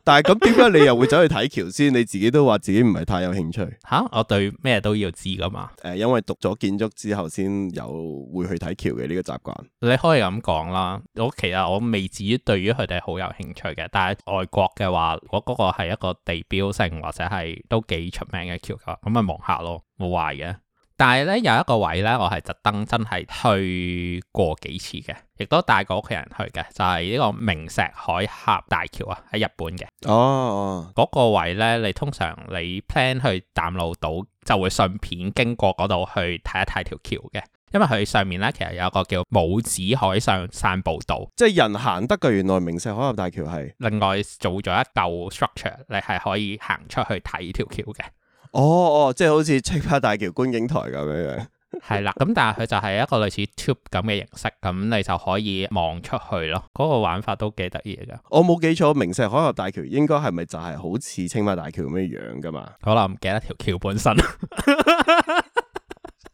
[laughs] 但係咁點解你又會走去睇橋先？你自己都話自己唔係太有興趣吓、啊，我對咩都要知噶嘛。誒、呃，因為讀咗建築之後，先有會去睇橋嘅呢個習慣。你可以咁講啦，我其實我未至於對於佢哋好有興趣嘅，但係外國嘅話，我嗰個係一個地標性或者係都幾出名嘅橋咁，咪望下咯，冇壞嘅。但係咧，有一個位咧，我係特登真係去過幾次嘅，亦都帶過屋企人去嘅，就係呢個明石海峽大橋啊，喺日本嘅。哦，嗰個位咧，你通常你 plan 去淡路島就會順便經過嗰度去睇一睇條橋嘅，因為佢上面咧其實有一個叫母子海上散步道，即係人行得嘅。原來明石海峽大橋係另外做咗一舊 structure，你係可以行出去睇條橋嘅。哦哦，oh, oh, 即係好似青馬大橋觀景台咁樣樣，係 [laughs] 啦。咁但係佢就係一個類似 tube 咁嘅形式，咁你就可以望出去咯。嗰、嗰個玩法都幾得意噶。我冇記錯，明石海峽大橋應該係咪就係好似青馬大橋咁樣樣噶嘛？好啦，唔記得條橋本身。 [laughs] [laughs]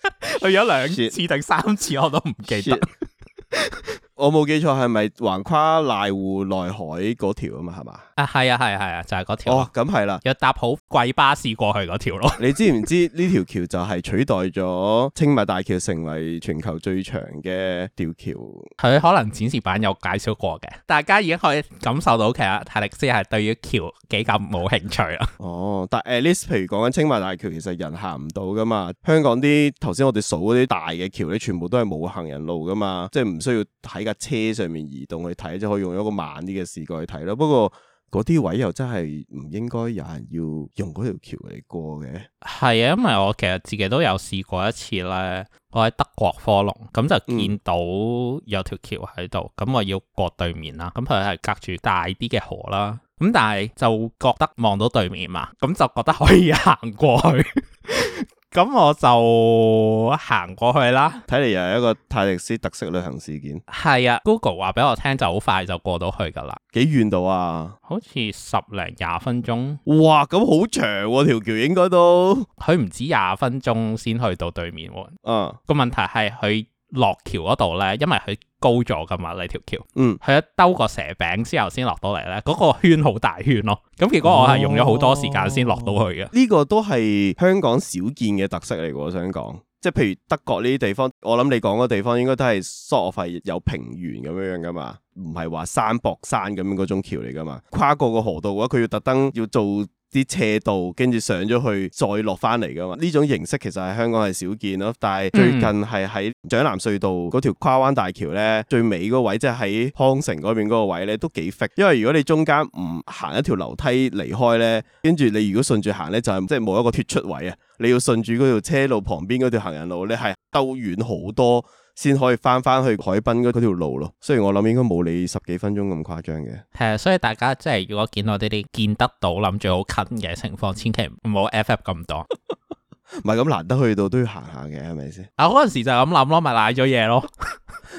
[laughs] 去咗兩次定三次，我都唔記得。 [laughs] 我冇記錯，係咪橫跨瀨戶內海嗰條啊嘛係嘛？啊係啊係，係啊就係嗰條哦。咁係啦，要搭好貴巴士過去嗰條咯。你知唔知呢 [laughs] 條橋就係取代咗青馬大橋成為全球最長嘅吊橋？係可能展示版有介紹過嘅。大家已經可以感受到，其實泰利斯係對於橋幾咁冇興趣啊。哦，但 at least，譬如講緊青馬大橋，其實人行唔到噶嘛。香港啲頭先我哋數嗰啲大嘅橋，你全部都係冇行人路噶嘛，即係唔需要睇。架車上面移動去睇，就可以用一個慢啲嘅視角去睇咯。不過嗰啲位又真係唔應該有人要用嗰條橋嚟過嘅。係啊，因為我其實自己都有試過一次咧，我喺德國科隆，咁就見到有條橋喺度，咁、嗯、我要過對面啦，咁佢係隔住大啲嘅河啦，咁但係就覺得望到對面嘛，咁就覺得可以行過去。 [laughs] 咁我就行過去啦。睇嚟又係一個泰迪斯特色旅行事件。係啊，Google 話俾我聽就好快就過到去噶啦。幾遠到啊？好似十零廿分鐘。哇，咁好長條橋，應該都佢唔止廿分鐘先去到對面。嗯，個問題係佢。落橋嗰度咧，因為佢高咗噶嘛，呢條橋，嗯，係一兜個蛇餅之後先落到嚟咧，嗰、那個圈好大圈咯，哦，咁結果我係用咗好多時間先落到去嘅，呢、哦這個都係香港少見嘅特色嚟，我想講，即係譬如德國呢啲地方，我諗你講嘅地方應該都係疏費有平原咁樣樣噶嘛，唔係話山駁山咁樣嗰種橋嚟噶嘛，跨過個河道嘅話，佢要特登要做。啲斜道，跟住上咗去，再落翻嚟噶嘛？呢種形式其實喺香港係少見咯。但係最近係喺將藍隧道嗰條跨灣大橋呢，最尾嗰位即係喺康城嗰邊嗰個位呢，都幾僻。因為如果你中間唔行一條樓梯離開呢，跟住你如果順住行呢，就係即係冇一個脱出位啊！你要順住嗰條車路旁邊嗰條行人路咧，你係兜遠好多。先可以翻翻去海濱嗰條路咯，雖然我諗應該冇你十幾分鐘咁誇張嘅。係，所以大家即係如果見我哋啲見得到諗住好近嘅情況，千祈唔好 FF 咁多。唔係咁難得去到都要行下嘅，係咪先？啊嗰陣時就咁諗咯，咪賴咗嘢咯。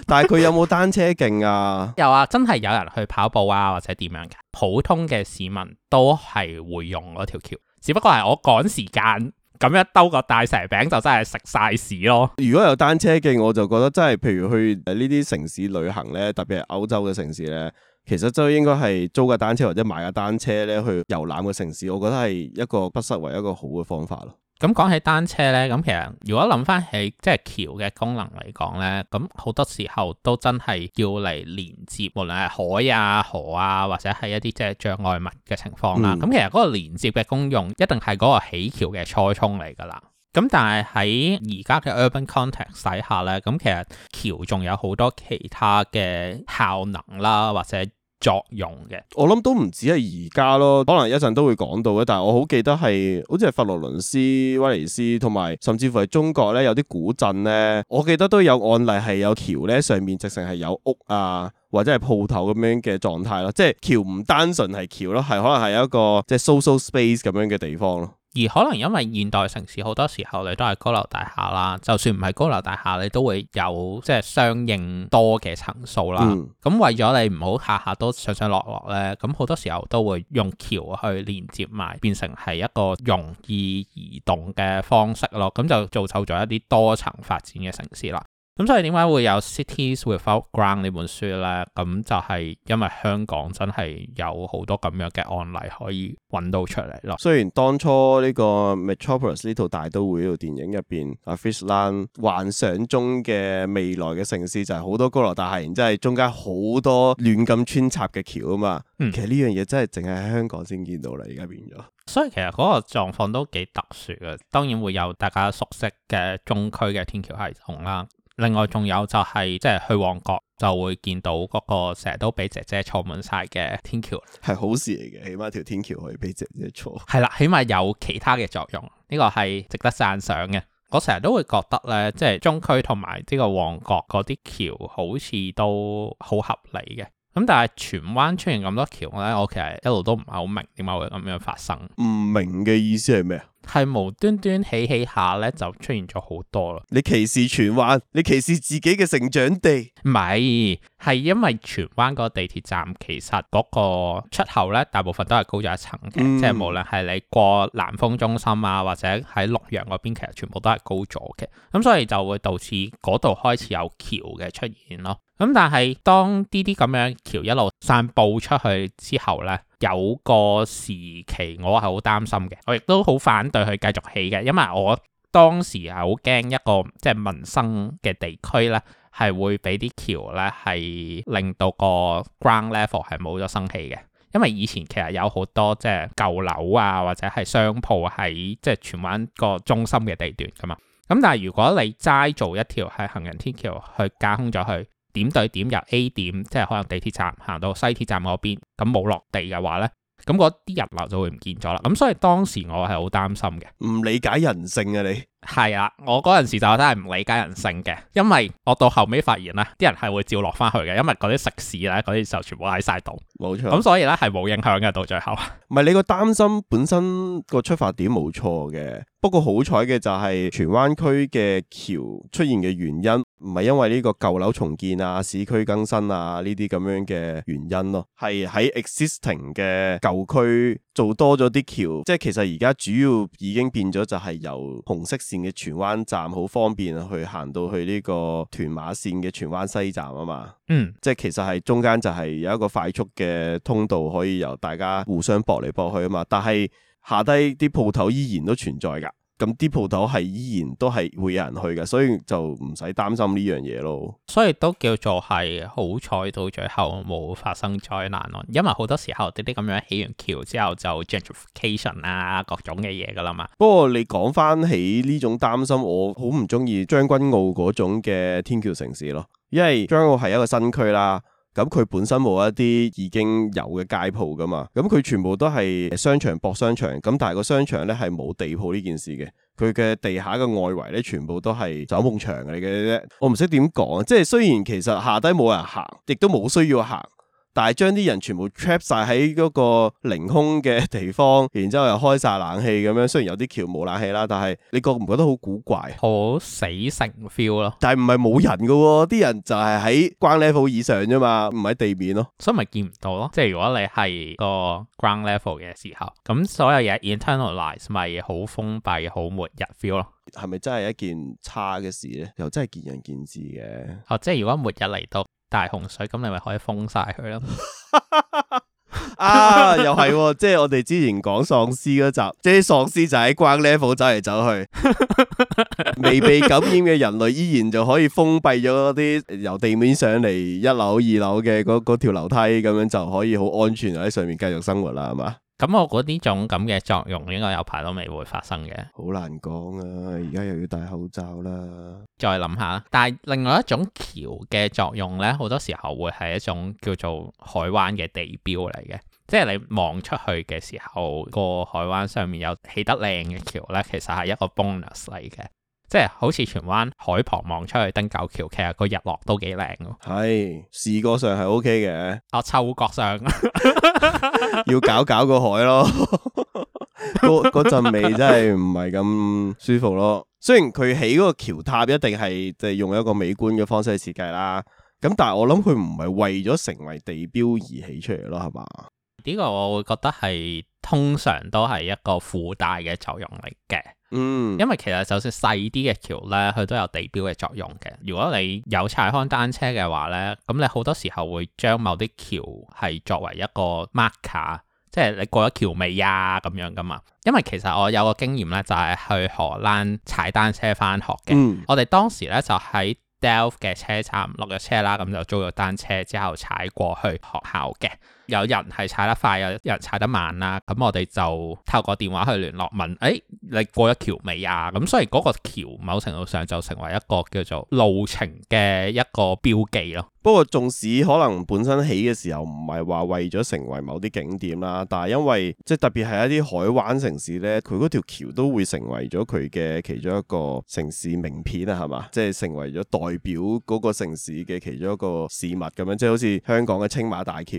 但係佢有冇單車徑啊？ [laughs] [laughs] 有啊，真係有人去跑步啊，或者點樣嘅？普通嘅市民都係會用嗰條橋，只不過係我趕時間。咁一兜個大蛇餅就真係食晒屎咯！如果有單車嘅，我就覺得真係，譬如去呢啲城市旅行呢，特別係歐洲嘅城市呢，其實就應該係租架單車或者買架單車呢去遊覽個城市，我覺得係一個不失為一個好嘅方法咯。咁講起單車咧，咁其實如果諗翻起即係橋嘅功能嚟講咧，咁好多時候都真係要嚟連接，無論係海啊、河啊，或者係一啲即係障礙物嘅情況啦。咁、嗯、其實嗰個連接嘅功用一定係嗰個起橋嘅初衷嚟噶啦。咁但係喺而家嘅 urban context 使下咧，咁其實橋仲有好多其他嘅效能啦，或者，作用嘅，我諗都唔止係而家咯，可能一陣都會講到嘅。但係我好記得係，好似係佛羅倫斯、威尼斯，同埋甚至乎係中國咧，有啲古鎮咧，我記得都有案例係有橋咧，上面直程係有屋啊，或者係鋪頭咁樣嘅狀態咯。即係橋唔單純係橋咯，係可能係一個即係 social space 咁樣嘅地方咯。而可能因為現代城市好多時候你都係高樓大廈啦，就算唔係高樓大廈，你都會有即係相應多嘅層數啦。咁、嗯、為咗你唔好下下都上上落落咧，咁好多時候都會用橋去連接埋，變成係一個容易移動嘅方式咯。咁就造就咗一啲多層發展嘅城市啦。咁所以點解會有 Cities Without Ground 呢本書咧？咁就係因為香港真係有好多咁樣嘅案例可以揾到出嚟咯。雖然當初呢個 Metropolis 呢套大都會呢套電影入邊，啊 Fishland、嗯、幻想中嘅未來嘅城市就係好多高樓大廈，然之後中間好多亂咁穿插嘅橋啊嘛。其實呢樣嘢真係淨係喺香港先見到啦，而家變咗。所以其實嗰個狀況都幾特殊嘅。當然會有大家熟悉嘅中區嘅天橋系統啦。另外仲有就係即係去旺角就會見到嗰個成日都俾姐姐坐滿晒嘅天橋，係好事嚟嘅，起碼條天橋可以俾姐姐坐。係啦，起碼有其他嘅作用，呢個係值得讚賞嘅。我成日都會覺得咧，即係中區同埋呢個旺角嗰啲橋好似都好合理嘅。咁但係荃灣出現咁多橋咧，我其實一路都唔係好明點解會咁樣發生。唔明嘅意思係咩啊？係無端端起起下咧就出現咗好多咯。你歧視荃灣，你歧視自己嘅成長地，唔係，係因為荃灣個地鐵站其實嗰個出口咧，大部分都係高咗一層嘅，嗯、即係無論係你過南豐中心啊，或者喺綠楊嗰邊，其實全部都係高咗嘅。咁所以就會導致嗰度開始有橋嘅出現咯。咁但係當呢啲咁樣橋一路散佈出去之後呢，有個時期我係好擔心嘅，我亦都好反對佢繼續起嘅，因為我當時係好驚一個即係民生嘅地區呢係會俾啲橋呢係令到個 ground level 係冇咗生氣嘅，因為以前其實有好多即係舊樓啊或者係商鋪喺即係荃灣個中心嘅地段㗎嘛，咁但係如果你齋做一條係行人天橋去架空咗佢。點對點入 A 點，即係可能地鐵站行到西鐵站嗰邊，咁冇落地嘅話呢，咁嗰啲人流就會唔見咗啦。咁所以當時我係好擔心嘅，唔理解人性啊你。係啦，我嗰陣時就真係唔理解人性嘅，因為我到後尾發現咧，啲人係會照落翻去嘅，因為嗰啲食肆咧，嗰啲就全部喺晒度，冇錯。咁、嗯、所以咧係冇影響嘅，到最後。唔係你個擔心本身個出發點冇錯嘅，不過好彩嘅就係荃灣區嘅橋出現嘅原因唔係因為呢個舊樓重建啊、市區更新啊呢啲咁樣嘅原因咯，係喺 existing 嘅舊區。做多咗啲橋，即係其實而家主要已經變咗，就係由紅色線嘅荃灣站好方便去行到去呢個屯馬線嘅荃灣西站啊嘛。嗯，即係其實係中間就係有一個快速嘅通道可以由大家互相駁嚟駁去啊嘛。但係下低啲鋪頭依然都存在㗎。咁啲鋪頭係依然都係會有人去嘅，所以就唔使擔心呢樣嘢咯。所以都叫做係好彩，到最後冇發生災難咯。因為好多時候啲啲咁樣起完橋之後就 gentrification 啊，各種嘅嘢噶啦嘛。不過你講翻起呢種擔心，我好唔中意將軍澳嗰種嘅天橋城市咯，因為將軍澳係一個新區啦。咁佢本身冇一啲已經有嘅街鋪㗎嘛，咁佢全部都係商場搏商場，咁但係個商場咧係冇地鋪呢件事嘅，佢嘅地下嘅外圍咧全部都係走夢牆嚟嘅啫，我唔識點講，即係雖然其實下低冇人行，亦都冇需要行。但係將啲人全部 trap 晒喺嗰個凌空嘅地方，然之後又開晒冷氣咁樣。雖然有啲橋冇冷氣啦，但係你覺唔覺得好古怪？好死性 feel 咯。但係唔係冇人㗎喎，啲人就係喺 ground level 以上啫嘛，唔喺地面咯，所以咪見唔到咯。即係如果你係個 ground level 嘅時候，咁所有嘢 internalize 咪好封閉、好末日 feel 咯。係咪真係一件差嘅事咧？又真係見仁見智嘅。哦，即係如果末日嚟到。大洪水咁，你咪可以封晒佢咯。 [laughs] [laughs] 啊，又係喎，即係我哋之前講喪屍嗰集， [laughs] 即係喪屍就喺高 level 走嚟走去， [laughs] [laughs] 未被感染嘅人類依然就可以封閉咗啲由地面上嚟一， [laughs] 一樓、二樓嘅嗰嗰條樓梯，咁樣就可以好安全喺上面繼續生活啦，係嘛？咁我嗰啲種咁嘅作用，應該有排都未會發生嘅，好難講啊！而家又要戴口罩啦，再諗下，但係另外一種橋嘅作用呢，好多時候會係一種叫做海灣嘅地標嚟嘅，即係你望出去嘅時候，個海灣上面有起得靚嘅橋呢，其實係一個 bonus 嚟嘅。即係好似荃灣海旁望出去汀九橋，其實個日落都幾靚咯。係視、哎、覺上係 O K 嘅。啊，嗅覺上要搞搞個海咯，嗰 [laughs] 嗰陣味真係唔係咁舒服咯。 [laughs] 雖然佢起嗰個橋塔一定係即係用一個美觀嘅方式去設計啦。咁但係我諗佢唔係為咗成為地標而起出嚟咯，係嘛？呢個我會覺得係通常都係一個附帶嘅作用嚟嘅。嗯，因為其實就算細啲嘅橋呢，佢都有地標嘅作用嘅。如果你有踩開單車嘅話呢，咁你好多時候會將某啲橋係作為一個 marker，即係你過咗橋未啊，咁樣噶嘛。因為其實我有個經驗呢，就係、是、去荷蘭踩單車返學嘅。 [noise] 我哋當時呢，就喺 Delft 嘅車站落咗車啦，咁就租咗單車之後踩過去學校嘅。有人係踩得快，有人踩得慢啦。咁我哋就透過電話去聯絡問，誒、哎，你過咗橋未啊？咁所以嗰個橋某程度上就成為一個叫做路程嘅一個標記咯。不過縱使可能本身起嘅時候唔係話為咗成為某啲景點啦，但係因為即係特別係一啲海灣城市呢，佢嗰條橋都會成為咗佢嘅其中一個城市名片啊，係嘛？即係成為咗代表嗰個城市嘅其中一個事物咁樣，即係好似香港嘅青馬大橋。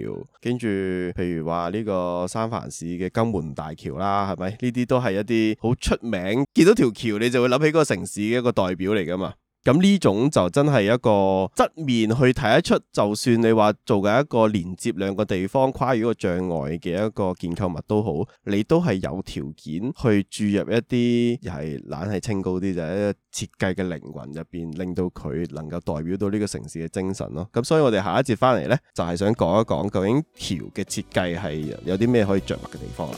跟住，譬如話呢個三藩市嘅金門大橋啦，係咪？呢啲都係一啲好出名，見到條橋你就會諗起嗰個城市嘅一個代表嚟㗎嘛。咁呢種就真係一個側面去睇得出，就算你話做緊一個連接兩個地方、跨越個障礙嘅一個建築物都好，你都係有條件去注入一啲係懶係清高啲就係設計嘅靈魂入邊，令到佢能夠代表到呢個城市嘅精神咯。咁所以我哋下一節翻嚟呢，就係想講一講究竟橋嘅設計係有啲咩可以著墨嘅地方。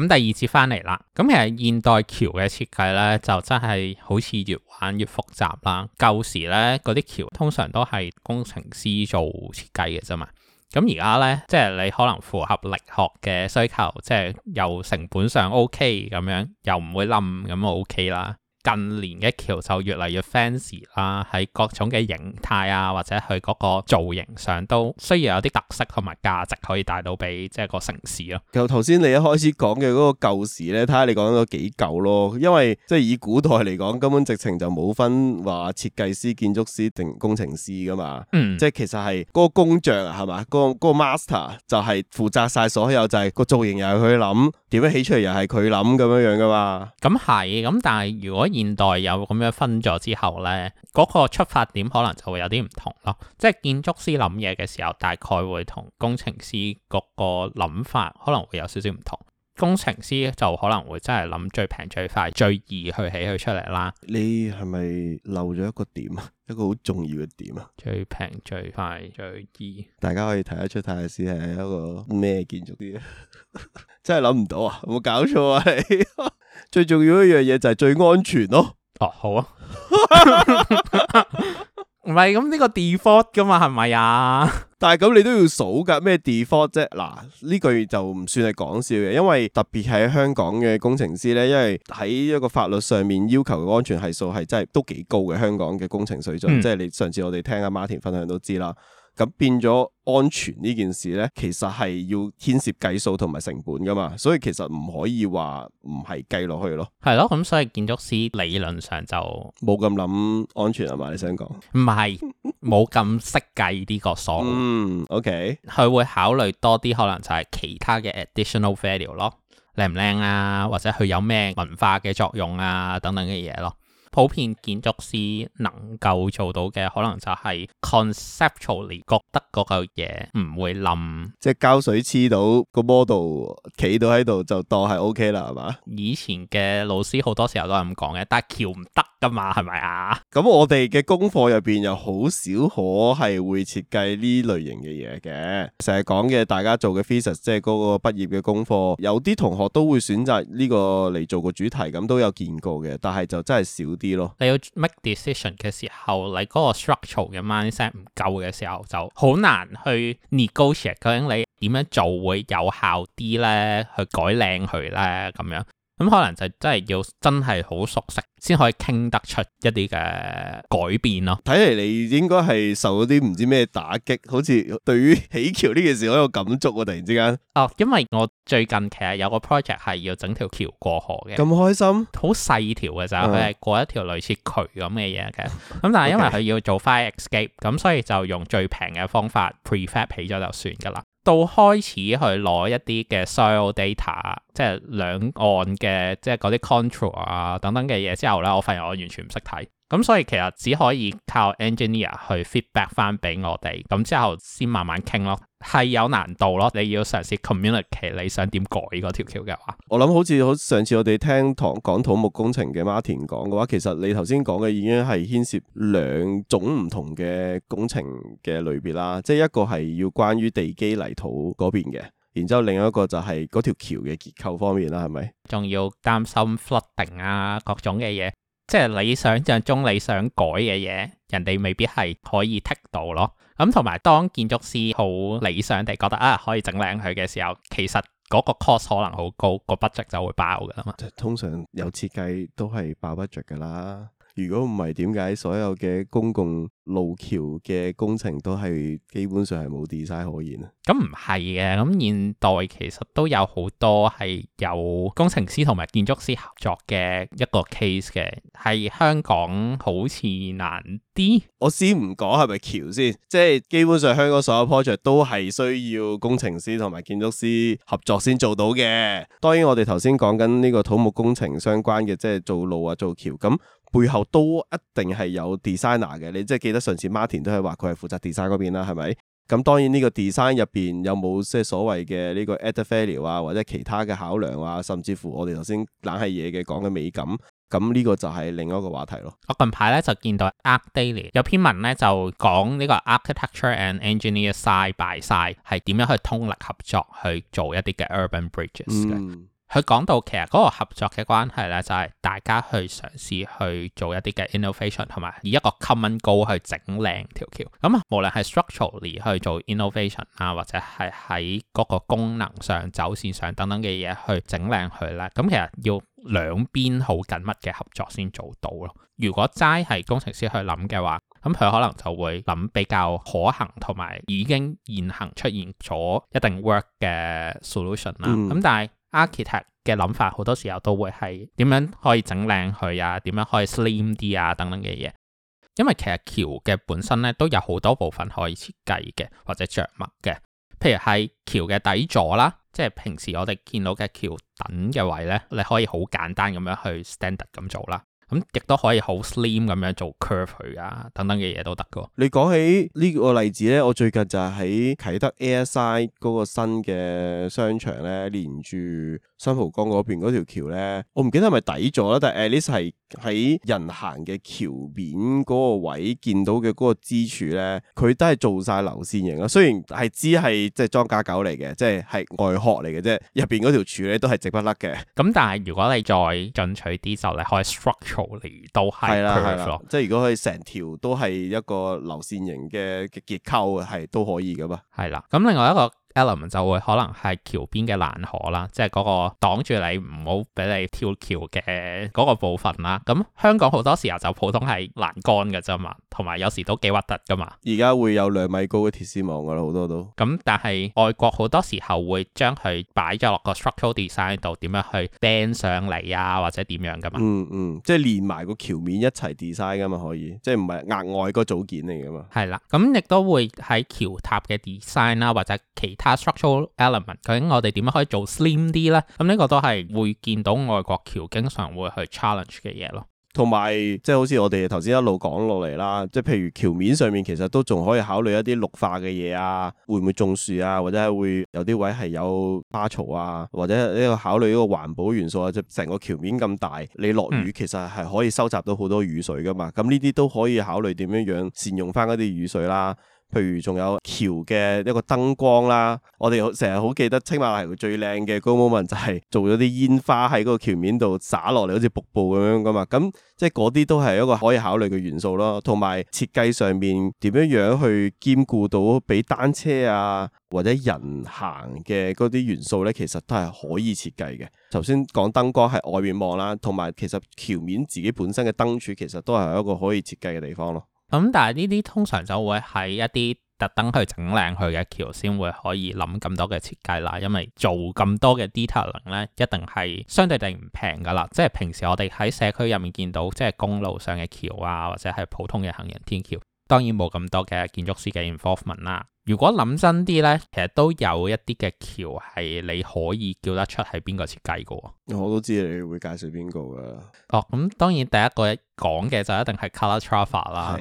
咁第二次翻嚟啦，咁其實現代橋嘅設計咧，就真係好似越玩越複雜啦。舊時咧，嗰啲橋通常都係工程師做設計嘅啫嘛。咁而家咧，即係你可能符合力學嘅需求，即係又成本上 OK 咁樣，又唔會冧咁就 OK 啦。近年嘅橋就越嚟越 fancy 啦，喺各種嘅形態啊，或者佢嗰個造型上，都需要有啲特色同埋價值可以帶到畀即係個城市咯。其實頭先你一開始講嘅嗰個舊時咧，睇下你講咗幾舊咯，因為即係以古代嚟講，根本直情就冇分話設計師、建築師定工程師噶嘛。嗯，即係其實係嗰個工匠啊，係嘛？嗰個嗰個 master 就係負責晒所有，就係個造型又係佢諗。點樣起出嚟又係佢諗咁樣樣㗎嘛？咁係，咁、 [noise] 嗯、但係如果現代有咁樣分咗之後咧，嗰、嗰個出發點可能就會有啲唔同咯。即係建築師諗嘢嘅時候，大概會同工程師嗰個諗法可能會有少少唔同。工程師就可能會真係諗最平最快最易去起佢出嚟啦。你係咪漏咗一個點啊？一個好重要嘅點啊！最平最快最易，大家可以睇得出泰式係一個咩建築啲啊？ [laughs] 真係諗唔到啊！有冇搞錯啊？你 [laughs] 最重要一樣嘢就係最安全咯、啊。哦、啊，好啊。 [laughs] [laughs] 唔係，咁呢個 default 噶嘛，係咪啊？但係咁你都要數噶咩 default 啫？嗱，呢句就唔算係講笑嘅，因為特別係香港嘅工程師呢，因為喺一個法律上面要求嘅安全係數係真係都幾高嘅，香港嘅工程水準，嗯、即係你上次我哋聽阿馬田分享都知啦。咁變咗安全呢件事呢，其實係要牽涉計數同埋成本噶嘛，所以其實唔可以話唔係計落去咯。係咯，咁所以建築師理論上就冇咁諗安全係嘛？你想講？唔係，冇咁識計呢個數。嗯，OK，佢會考慮多啲可能就係其他嘅 additional value 咯，靚唔靚啊，或者佢有咩文化嘅作用啊等等嘅嘢咯。普遍建築師能夠做到嘅，可能就係 conceptually 覺得嗰個嘢唔會冧，即係膠水黐到個 model 企到喺度就當係 OK 啦，係嘛？以前嘅老師好多時候都係咁講嘅，但係橋唔得。噶嘛，係咪啊？咁我哋嘅功課入邊又好少可係會設計呢類型嘅嘢嘅。成日講嘅大家做嘅 thesis，即係嗰個畢業嘅功課，有啲同學都會選擇呢個嚟做個主題，咁都有見過嘅。但係就真係少啲咯。你要 make decision 嘅時候，你嗰個 structural 嘅 mindset 唔夠嘅時候，就好難去 negotiate 究竟你點樣做會有效啲咧，去改靚佢咧咁樣。咁可能就真係要真係好熟悉，先可以傾得出一啲嘅改變咯，啊。睇嚟你應該係受咗啲唔知咩打擊，好似對於起橋呢件事都有感觸啊！突然之間，哦，因為我最近其實有個 project 係要整條橋過河嘅，咁開心，好細條嘅咋，佢係、嗯、過一條類似渠咁嘅嘢嘅。咁但係因為佢要做 fire escape，咁 [laughs] 所以就用最平嘅方法 prefab 起咗就算噶啦。到開始去攞一啲嘅 soil data，即係兩岸嘅，即係嗰啲 control 啊等等嘅嘢之後咧，我發現我完全唔識睇。咁所以其實只可以靠 engineer 去 feedback 翻俾我哋，咁之後先慢慢傾咯，係有難度咯。你要嘗試 communicate，其實你想點改嗰條橋嘅話，我諗好似好上次我哋聽講講土木工程嘅 Martin 講嘅話，其實你頭先講嘅已經係牽涉兩種唔同嘅工程嘅類別啦，即係一個係要關於地基泥土嗰邊嘅，然之後另一個就係嗰條橋嘅結構方面啦，係咪？仲要擔心 flooding 啊，各種嘅嘢。即係你想象中你想改嘅嘢，人哋未必係可以剔到咯。咁同埋，當建築師好理想地覺得啊，可以整靚佢嘅時候，其實嗰個 cost 可能好高，個 budget 就會爆噶啦嘛。通常有設計都係爆 budget 噶啦。如果唔係，點解所有嘅公共路橋嘅工程都係基本上係冇 design 可言啊？咁唔係嘅，咁現代其實都有好多係有工程師同埋建築師合作嘅一個 case 嘅，係香港好似難啲。我先唔講係咪橋先，即係基本上香港所有 project 都係需要工程師同埋建築師合作先做到嘅。當然，我哋頭先講緊呢個土木工程相關嘅，即係做路啊造橋，做橋咁。背後都一定係有 designer 嘅，你即係記得上次 Martin 都係話佢係負責 design 嗰邊啦，係咪？咁當然呢個 design 入邊有冇即係所謂嘅呢個 add value 啊，或者其他嘅考量啊，甚至乎我哋頭先懶係嘢嘅講嘅美感，咁呢個就係另一個話題咯。我近排咧就見到 ArchDaily 有篇文咧就講呢個 architecture and engineer side by side 係點樣去通力合作去做一啲嘅 urban bridges 嘅。嗯佢講到其實嗰個合作嘅關係咧，就係、是、大家去嘗試去做一啲嘅 innovation，同埋以一個 common goal 去整靚條橋。咁啊，無論係 structurally 去做 innovation 啊，或者係喺嗰個功能上、走線上等等嘅嘢去整靚佢咧，咁其實要兩邊好緊密嘅合作先做到咯。如果齋係工程師去諗嘅話，咁佢可能就會諗比較可行同埋已經現行出現咗一定 work 嘅 solution 啦、mm。咁、hmm。但係，architect 嘅諗法好多時候都會係點樣可以整靚佢啊？點樣可以 slim 啲啊？等等嘅嘢，因為其實橋嘅本身咧都有好多部分可以設計嘅或者着墨嘅，譬如係橋嘅底座啦，即係平時我哋見到嘅橋墩嘅位咧，你可以好簡單咁樣去 standard 咁做啦。咁亦都可以好 slim 咁樣做 curve 佢啊，等等嘅嘢都得㗎。你講起呢個例子咧，我最近就係喺啟德 AIRSIDE 嗰個新嘅商場咧，連住。新蒲江嗰邊嗰條橋咧，我唔記得係咪底座，啦，但係 Alice 係喺人行嘅橋面嗰個位見到嘅嗰個支柱咧，佢都係做晒流線型啦。雖然係知係即係莊家狗嚟嘅，即係係外殼嚟嘅啫，入邊嗰條柱咧都係直不甩嘅。咁但係如果你再進取啲就咧，可以 structural 嚟都係 curve 咯。即係如果可以成條都係一個流線型嘅結構係都可以噶嘛。係啦、啊，咁另外一個。Element 就會可能係橋邊嘅欄河啦，即係嗰個擋住你唔好俾你跳橋嘅嗰個部分啦。咁香港好多時候就普通係欄杆嘅啫嘛，同埋有時都幾核突噶嘛。而家會有兩米高嘅鐵絲網噶啦，好多都。咁、嗯、但係外國好多時候會將佢擺咗落個 structural design 度，點樣去 band 上嚟啊，或者點樣噶嘛？嗯嗯，即係連埋個橋面一齊 design 噶嘛，可以，即係唔係額外個組件嚟噶嘛？係啦，咁、嗯、亦都會喺橋塔嘅 design 啦，或者其。structural element，究竟我哋點樣可以做 slim 啲呢？咁、嗯、呢、這個都係會見到外國橋經常會去 challenge 嘅嘢咯。同埋即係好似我哋頭先一路講落嚟啦，即、就、係、是、譬如橋面上面其實都仲可以考慮一啲綠化嘅嘢啊，會唔會種樹啊？或者會有啲位係有花槽啊？或者呢個考慮呢個環保元素啊？即、就、成、是、個橋面咁大，你落雨其實係可以收集到好多雨水噶嘛。咁呢啲都可以考慮點樣樣善用翻嗰啲雨水啦、啊。譬如仲有橋嘅一個燈光啦，我哋成日好記得青馬橋最靚嘅 moment 就係做咗啲煙花喺嗰個橋面度灑落嚟，好似瀑布咁樣噶嘛。咁即係嗰啲都係一個可以考慮嘅元素咯。同埋設計上面點樣樣去兼顧到俾單車啊或者人行嘅嗰啲元素咧，其實都係可以設計嘅。頭先講燈光係外面望啦，同埋其實橋面自己本身嘅燈柱其實都係一個可以設計嘅地方咯。咁、嗯、但係呢啲通常就會喺一啲特登去整靚佢嘅橋先會可以諗咁多嘅設計啦，因為做咁多嘅 detailing 咧，一定係相對地唔平噶啦。即係平時我哋喺社區入面見到，即係公路上嘅橋啊，或者係普通嘅行人天橋，當然冇咁多嘅建築師嘅 involvement 啦。如果諗真啲咧，其實都有一啲嘅橋係你可以叫得出係邊個設計過。我都知道你會介紹邊個㗎。哦，咁當然第一個講嘅就一定係 Calatrava 啦，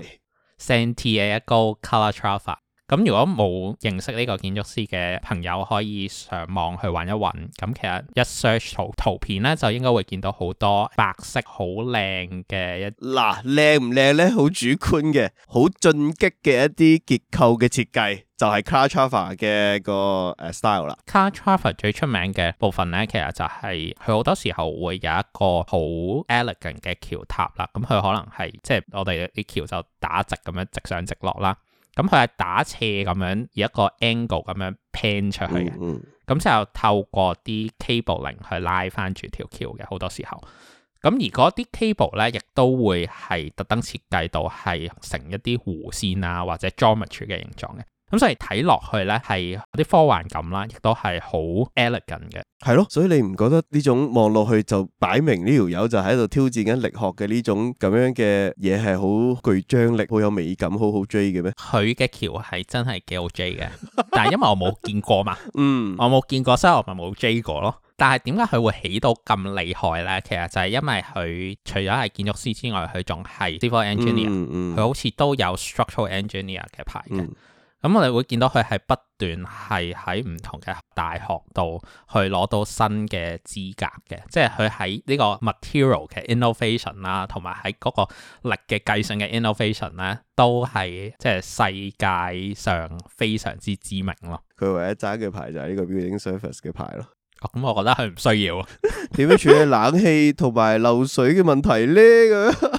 係，Santiago Calatrava。咁如果冇認識呢個建築師嘅朋友，可以上網去揾一揾。咁其實一 search 圖片呢，就應該會見到好多白色好靚嘅一嗱靚唔靚呢？好主觀嘅，好進擊嘅一啲結構嘅設計，就係、是、Calatrava 嘅個 style 啦。Calatrava 最出名嘅部分呢，其實就係佢好多時候會有一個好 elegant 嘅橋塔啦。咁佢可能係即係我哋啲橋就打直咁樣直上直落啦。咁佢係打斜咁樣，以一個 angle 咁樣 pan 出去嘅，咁之後透過啲 cable 零去拉翻住條橋嘅，好多時候，咁而嗰啲 cable 咧，亦都會係特登設計到係成一啲弧線啊，或者 geometry 嘅形狀嘅。咁所以睇落去咧，係啲科幻感啦，亦都係好 elegant 嘅。係咯，所以你唔覺得呢種望落去就擺明呢條友就喺度挑戰緊力學嘅呢種咁樣嘅嘢，係好具張力、好有美感、好好 j 嘅咩？佢嘅橋係真係幾好 j 嘅，但係因為我冇見過嘛， [laughs] 嗯，我冇見過，所以我咪冇 j 過咯。但係點解佢會起到咁厲害咧？其實就係因為佢除咗係建築師之外，佢仲係 civil engineer，佢、嗯嗯、好似都有 structural engineer 嘅牌嘅。嗯咁我哋會見到佢係不斷係喺唔同嘅大學度去攞到新嘅資格嘅，即係佢喺呢個 material 嘅 innovation 啦，同埋喺嗰個力嘅計算嘅 innovation 咧，都係即係世界上非常之知名咯。佢唯一揸嘅牌就係呢個 building services 嘅牌咯。咁、哦、我覺得佢唔需要，點樣 [laughs] 處理冷氣同埋漏水嘅問題咧？佢？ [laughs]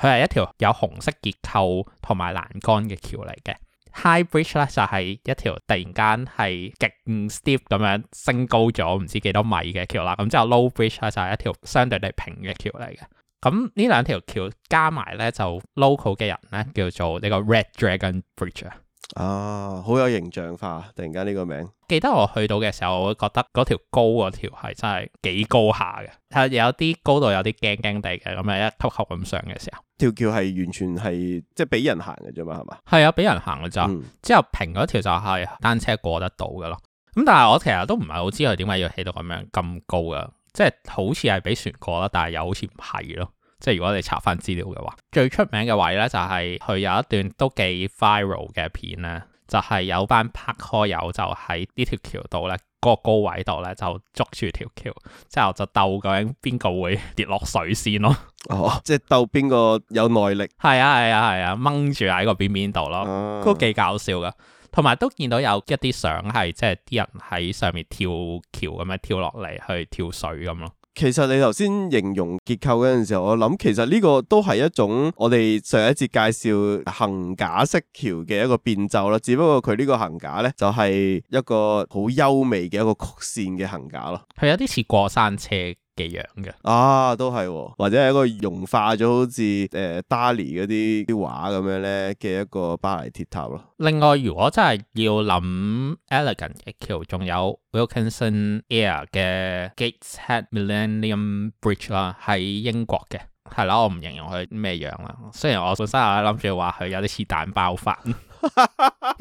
佢係一條有紅色結構同埋欄杆嘅橋嚟嘅。High bridge 咧就係、是、一條突然間係極 steep 咁樣升高咗唔知幾多米嘅橋啦。咁、嗯、之後 low bridge 咧就係、是、一條相對地平嘅橋嚟嘅。咁呢兩條橋加埋咧就 local 嘅人咧叫做呢個 Red Dragon Bridge。啊，好有形象化！突然間呢個名，記得我去到嘅時候，我會覺得嗰條高嗰條係真係幾高下嘅，係有啲高度有，有啲驚驚地嘅，咁樣一級級咁上嘅時候。條橋係完全係即係俾人行嘅啫嘛，係嘛？係啊，俾人行嘅咋，之後平嗰條就係單車過得到㗎咯。咁但係我其實都唔係好知佢點解要起到咁樣咁高嘅，即係好似係俾船過啦，但係又好似唔係咯。即係如果你查翻資料嘅話，最出名嘅位咧就係佢有一段都幾 viral 嘅片咧，就係、是、有班拍開友就喺呢條橋度咧，個高位度咧就捉住條橋，之後就鬥究竟邊個會跌落水先咯。哦，即、就、係、是、鬥邊個有耐力。係啊係啊係啊，掹、啊啊啊、住喺個邊邊度咯，啊、都幾搞笑噶。同埋都見到有一啲相係，即係啲人喺上面跳橋咁樣跳落嚟去跳水咁咯。其實你頭先形容結構嗰陣時候，我諗其實呢個都係一種我哋上一節介紹桁架式橋嘅一個變奏啦。只不過佢呢個桁架咧，就係一個好優美嘅一個曲線嘅桁架咯。佢有啲似過山車。嘅樣嘅啊，都係、哦，或者係一個融化咗好似誒達利嗰啲啲畫咁樣咧嘅一個巴黎鐵塔咯。另外，如果真係要諗 elegant 嘅橋，仲有 Wilkinson Eyre 嘅 Gateshead Millennium Bridge 啊，喺英國嘅，係啦，我唔形容佢咩樣啦。雖然我本身係諗住話佢有啲似蛋包飯。 [laughs]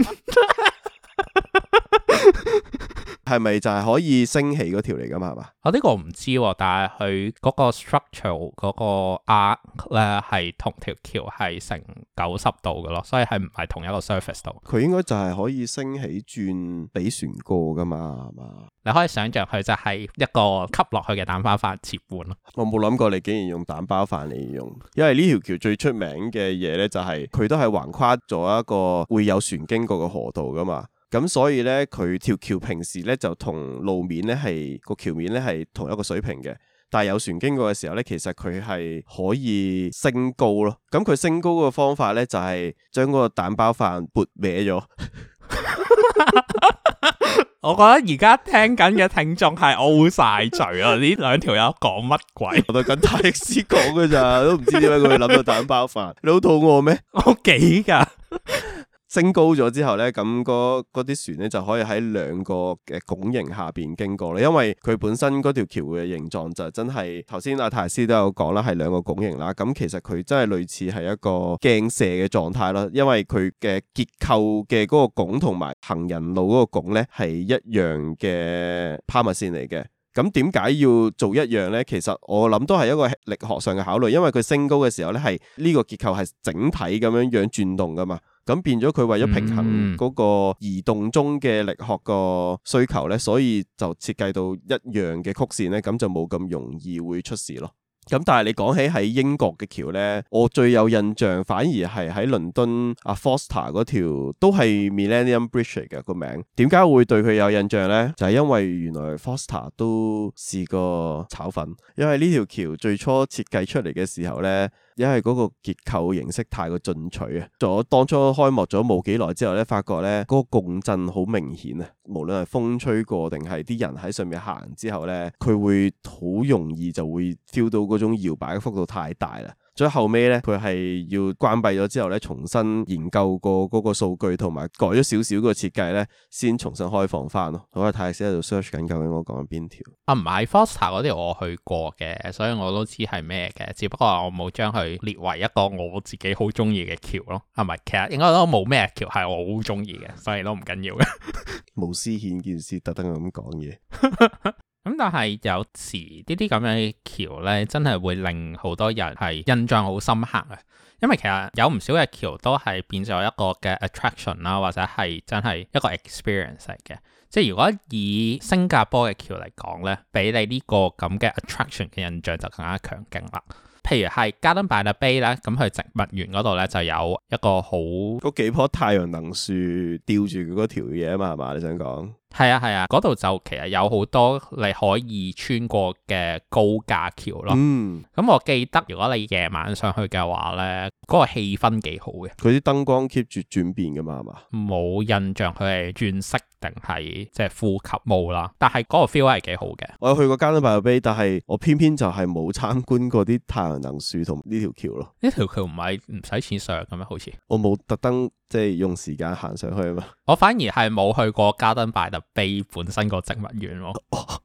[laughs] 係咪就係可以升起嗰條嚟噶嘛？係嘛？啊這個、我呢個唔知、啊，但係佢嗰個 structural 嗰個 arc 咧係同條橋係成九十度噶咯，所以係唔係同一個 surface 度？佢應該就係可以升起轉俾船過噶嘛？係嘛？你可以想象佢就係一個吸落去嘅蛋包飯切換咯。我冇諗過你竟然用蛋包飯嚟用，因為呢條橋最出名嘅嘢咧就係佢都係橫跨咗一個會有船經過嘅河道噶嘛。咁所以呢，佢條橋平時呢就同路面呢係個橋面呢係同一個水平嘅，但係有船經過嘅時候呢，其實佢係可以升高咯。咁佢升高嘅方法呢，就係將嗰個蛋包飯撥歪咗。 [laughs] [laughs] 我覺得而家聽緊嘅聽眾係嘔晒嘴啊！呢 [laughs] 兩條友講乜鬼？ [laughs] 我對緊泰迪斯講嘅咋，都唔知點解佢會諗到蛋包飯。你好肚餓咩？ [laughs] 我幾噶？升高咗之後咧，咁嗰啲船咧就可以喺兩個嘅拱形下邊經過啦。因為佢本身嗰條橋嘅形狀就真係頭先阿泰斯都有講啦，係兩個拱形啦。咁其實佢真係類似係一個鏡射嘅狀態啦。因為佢嘅結構嘅嗰個拱同埋行人路嗰個拱咧係一樣嘅拋物線嚟嘅。咁點解要做一樣咧？其實我諗都係一個力學上嘅考慮，因為佢升高嘅時候咧係呢個結構係整體咁樣樣轉動噶嘛。咁變咗佢為咗平衡嗰個移動中嘅力學個需求咧，所以就設計到一樣嘅曲線咧，咁就冇咁容易會出事咯。咁但係你講起喺英國嘅橋咧，我最有印象反而係喺倫敦阿 Foster 嗰條，都係 Millennium Bridge 嘅個名。點解會對佢有印象咧？就係因為原來 Foster 都試過炒粉，因為呢條橋最初設計出嚟嘅時候咧。因為嗰個結構形式太過進取啊，咗當初開幕咗冇幾耐之後咧，發覺咧嗰個共振好明顯啊，無論係風吹過定係啲人喺上面行之後咧，佢會好容易就會 feel 到嗰種搖擺嘅幅度太大啦。最後尾咧，佢係要關閉咗之後咧，重新研究過嗰個數據同埋改咗少少個設計咧，先重新開放翻咯。好啊，泰斯喺度 search 緊，在在究竟我講緊邊條？啊，唔係，Foster 嗰啲我去過嘅，所以我都知係咩嘅，只不過我冇將佢列為一個我自己好中意嘅橋咯。係咪？其實應該都冇咩橋係我好中意嘅，所以都唔緊要嘅。 [laughs] 無私顯見私特登咁講嘢。 [laughs] 咁但係有時這這呢啲咁樣嘅橋咧，真係會令好多人係印象好深刻啊！因為其實有唔少嘅橋都係變咗一個嘅 attraction 啦，或者係真係一個 experience 嘅。即係如果以新加坡嘅橋嚟講咧，比你呢個咁嘅 attraction 嘅印象就更加強勁啦。譬如係 Gardens by the Bay 咧，咁去植物園嗰度咧就有一個好嗰幾棵太陽能樹吊住嗰條嘢啊嘛，係嘛你想講？係啊係啊，嗰度、啊、就其實有好多你可以穿過嘅高架橋咯。嗯，咁、嗯、我記得如果你夜晚上,上去嘅話咧，嗰、那個氣氛幾好嘅。佢啲燈光 keep 住轉變㗎嘛，係嘛？冇印象佢係轉色定係即係呼吸霧啦。但係嗰個 feel 係幾好嘅。我有去過 Gardens by the Bay，但係我偏偏就係冇參觀過啲太陽能樹同呢條橋咯。呢條橋唔係唔使錢上嘅咩？好似我冇特登即係用時間行上去啊嘛。我反而係冇去過加登拜特碑本身個植物園咯，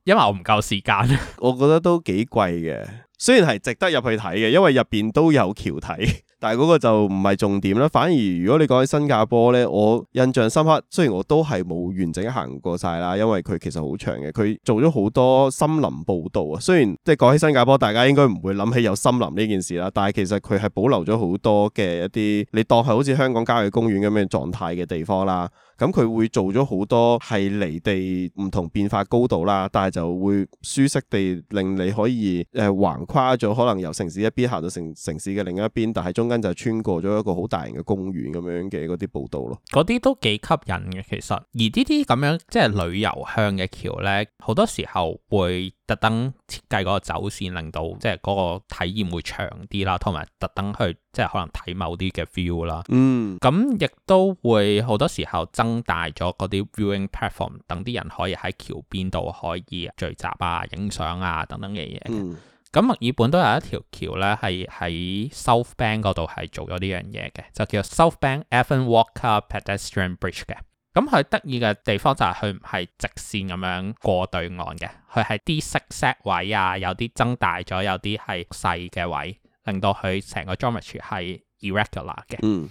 因為我唔夠時間。 [laughs] 我覺得都幾貴嘅，雖然係值得入去睇嘅，因為入邊都有橋睇，但係嗰個就唔係重點啦。反而如果你講起新加坡呢，我印象深刻，雖然我都係冇完整行過晒啦，因為佢其實好長嘅，佢做咗好多森林步道啊。雖然即係講起新加坡，大家應該唔會諗起有森林呢件事啦，但係其實佢係保留咗好多嘅一啲，你當係好似香港郊野公園咁樣狀態嘅地方啦。咁佢會做咗好多係離地唔同變化高度啦，但係就會舒適地令你可以誒、呃、橫跨咗可能由城市一邊行到城城市嘅另一邊，但係中間就穿過咗一個好大型嘅公園咁樣嘅嗰啲步道咯。嗰啲都幾吸引嘅其實，而呢啲咁樣即係旅遊向嘅橋咧，好多時候會，特登設計嗰個走線，令到即係嗰個體驗會長啲啦，同埋特登去即係可能睇某啲嘅 view 啦。嗯，咁亦都會好多時候增大咗嗰啲 viewing platform，等啲人可以喺橋邊度可以聚集啊、影相啊等等嘅嘢。mm. 咁墨爾本都有一條橋咧，係喺 Southbank 嗰度係做咗呢樣嘢嘅，就叫 Southbank Evan Walker Pedestrian Bridge。咁佢得意嘅地方就係佢唔係直線咁樣過對岸嘅，佢係啲色 set 位啊，有啲增大咗，有啲係細嘅位，令到佢成個 geometry 係 irregular 嘅。咁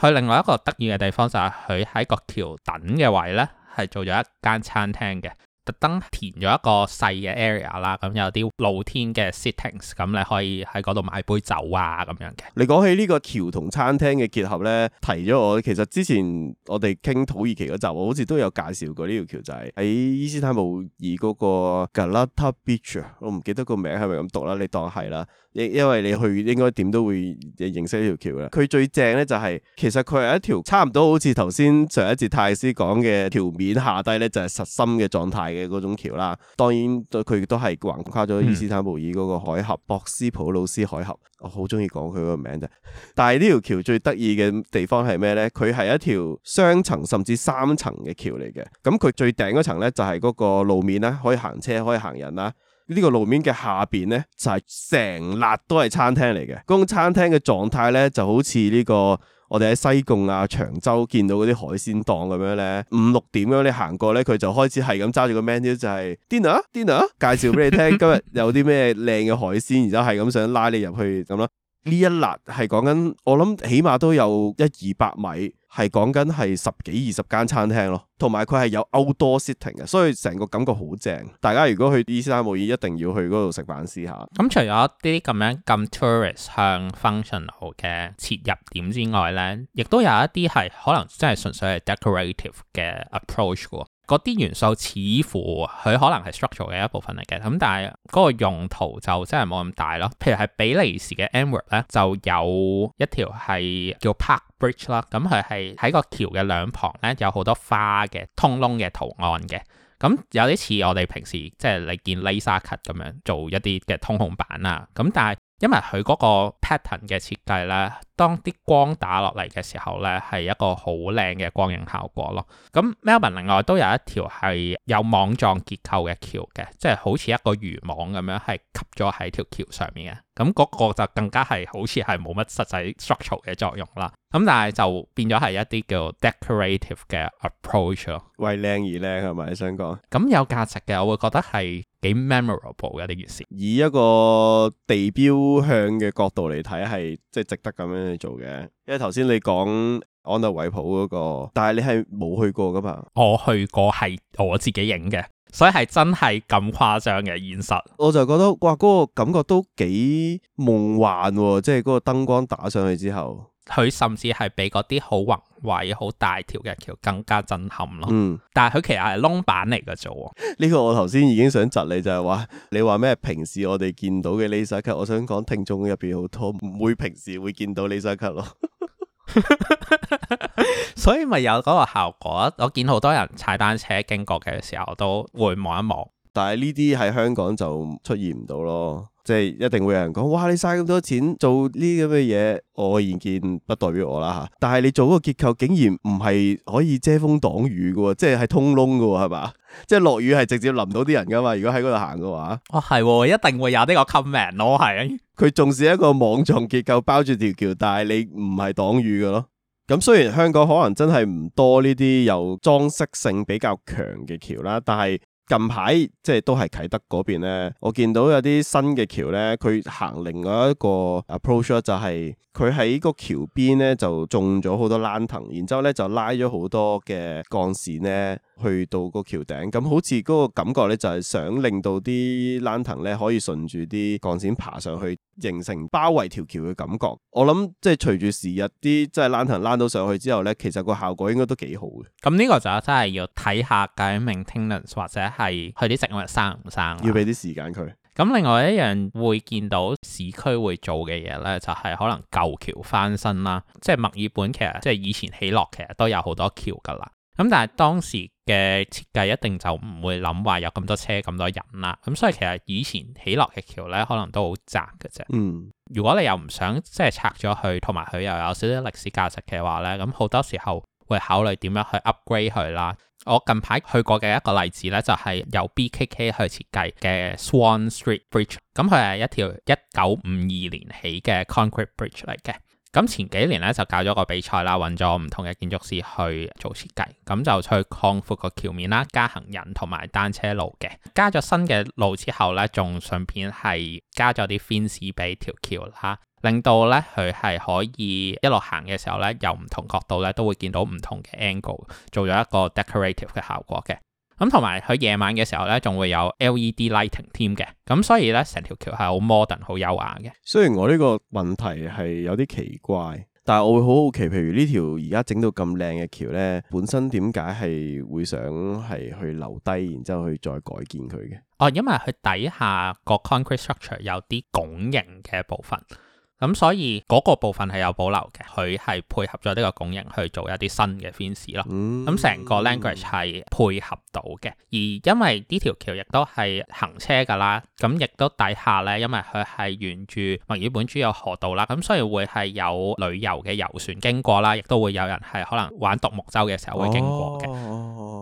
佢、嗯、另外一個得意嘅地方就係佢喺個橋墩嘅位呢，係做咗一間餐廳嘅。特登填咗一個細嘅 area 啦、嗯，咁有啲露天嘅 sittings，咁、嗯、你可以喺嗰度買杯酒啊咁樣嘅。你講起呢個橋同餐廳嘅結合咧，提咗我其實之前我哋傾土耳其嗰集，我好似都有介紹過呢條橋，就係、是、喺伊斯坦布爾嗰個 Galata Beach，我唔記得個名係咪咁讀啦，你當係啦。因因為你去應該點都會認識呢條橋嘅。佢最正咧就係、是、其實佢係一條差唔多好似頭先上一節泰斯講嘅橋面下低咧就係、是、實心嘅狀態。嘅嗰種啦，當然佢都係橫跨咗伊斯坦布爾嗰個海峽，嗯、博斯普魯斯海峽。我好中意講佢個名啫。但係呢條橋最得意嘅地方係咩呢？佢係一條雙層甚至三層嘅橋嚟嘅。咁佢最頂嗰層咧就係嗰個路面啦，可以行車，可以行人啦。呢、這個路面嘅下邊呢，就係成列都係餐廳嚟嘅。嗰種餐廳嘅狀態呢，就好似呢、這個。我哋喺西貢啊、長洲見到嗰啲海鮮檔咁樣咧，五六點咁你行過咧，佢就開始係咁揸住個 menu 就係、是、dinner dinner 介紹俾你聽，今日有啲咩靚嘅海鮮，然之後係咁想拉你入去咁咯。呢一辣係講緊，我諗起碼都有一二百米。係講緊係十幾二十間餐廳咯，同埋佢係有 outdoor setting 嘅，所以成個感覺好正。大家如果去伊斯拉慕爾，M o e、一定要去嗰度食飯試下。咁除咗一啲咁樣咁 tourist 向 functional 嘅切入點之外呢，亦都有一啲係可能真係純粹係 decorative 嘅 approach 喎。嗰啲元素似乎佢可能係 structural 嘅一部分嚟嘅，咁但係嗰個用途就真係冇咁大咯。譬如係比利時嘅 Antwerp 咧，就有一條係叫 Park bridge 啦，咁佢係喺個橋嘅兩旁咧，有好多花嘅通窿嘅圖案嘅，咁有啲似我哋平時，即係你見 laser cut 咁樣做一啲嘅通窿板啊，咁但係因為，佢嗰個 pattern 嘅設計咧。當啲光打落嚟嘅時候咧，係一個好靚嘅光影效果咯。咁 Melbourne 另外都有一條係有網狀結構嘅橋嘅，即係好似一個漁網咁樣，係吸咗喺條橋上面嘅。咁嗰個就更加係好似係冇乜實際 structural 嘅作用啦。咁但係就變咗係一啲叫 decorative 嘅 approach 咯，為靚而靚係咪你想講？咁有價值嘅，我會覺得係幾 memorable 嘅呢件事。以一個地標向嘅角度嚟睇，係即係值得咁樣做嘅，因為頭先你講安特韋普嗰個，但係你係冇去過噶嘛？我去過係我自己影嘅，所以係真係咁誇張嘅現實。我就覺得哇，嗰個感覺都幾夢幻，即係嗰個燈光打上去之後。佢甚至係比嗰啲好宏偉、好大條嘅橋更加震撼咯。嗯，但係佢其實係窿板嚟嘅啫。呢個我頭先已經想窒你，就係話你話咩平時我哋見到嘅呢首橋，我想講聽眾入邊好多唔會平時會見到呢首橋咯。 [laughs] [laughs] [laughs] 所以咪有嗰個效果。我見好多人踩單車經過嘅時候都會望一望。但係呢啲喺香港就出現唔到咯，即係一定會有人講：哇！你嘥咁多錢做呢啲咁嘅嘢，我意見不代表我啦吓。但係你做嗰個結構竟然唔係可以遮風擋雨嘅，即係通窿嘅係嘛？即係落雨係直接淋到啲人噶嘛？如果喺嗰度行嘅話，哦係，一定會有呢個 comment 咯，係佢仲係一個網狀結構包住條橋，但係你唔係擋雨嘅咯。咁雖然香港可能真係唔多呢啲有裝飾性比較強嘅橋啦，但係。近排即係都係啟德嗰邊咧，我見到有啲新嘅橋咧，佢行另外一個 approach 就係佢喺個橋邊咧就種咗好多懶藤，然之後咧就拉咗好多嘅鋼線咧去到個橋頂，咁好似嗰個感覺咧就係想令到啲懶藤咧可以順住啲鋼線爬上去，形成包圍條橋嘅感覺。我諗即係隨住時日啲即係懶藤攣到上去之後咧，其實個效果應該都幾好嘅。咁呢個就真係要睇下嘅 maintenance 或者係佢啲植物生唔生啊？要俾啲時間佢。咁另外一樣會見到市區會做嘅嘢呢，就係可能舊橋翻新啦。即係墨爾本其實即係以前起落，其實都有好多橋噶啦。咁但係當時嘅設計一定就唔會諗話有咁多車咁多人啦。咁所以其實以前起落嘅橋呢，可能都好窄噶啫。嗯。如果你又唔想即係拆咗佢，同埋佢又有少少歷史價值嘅話呢，咁好多時候會考慮點樣去 upgrade 佢啦。我近排去過嘅一個例子咧，就係由 BKK 去設計嘅 Swan Street Bridge。咁佢係一條一九五二年起嘅 concrete bridge 嚟嘅。咁前幾年咧就搞咗個比賽啦，揾咗唔同嘅建築師去做設計。咁就去擴闊個橋面啦，加行人同埋單車路嘅。加咗新嘅路之後咧，仲順便係加咗啲 fence 俾條橋啦。令到咧佢係可以一路行嘅時候咧，由唔同角度咧都會見到唔同嘅 angle，做咗一個 decorative 嘅效果嘅。咁同埋佢夜晚嘅時候咧，仲會有 LED lighting 添嘅。咁、嗯、所以咧，成條橋係好 modern、好優雅嘅。雖然我呢個問題係有啲奇怪，但係我會好好奇，譬如條呢條而家整到咁靚嘅橋咧，本身點解係會想係去留低，然之後去再改建佢嘅？哦，因為佢底下個 concrete structure 有啲拱形嘅部分。咁所以嗰、那個部分係有保留嘅，佢係配合咗呢個拱形去做一啲新嘅 finish 咯、嗯。咁成個 language 係配合到嘅。而因為呢條橋亦都係行車㗎啦，咁亦都底下呢，因為佢係沿住墨爾本主要河道啦，咁所以會係有旅遊嘅遊船經過啦，亦都會有人係可能玩獨木舟嘅時候會經過嘅。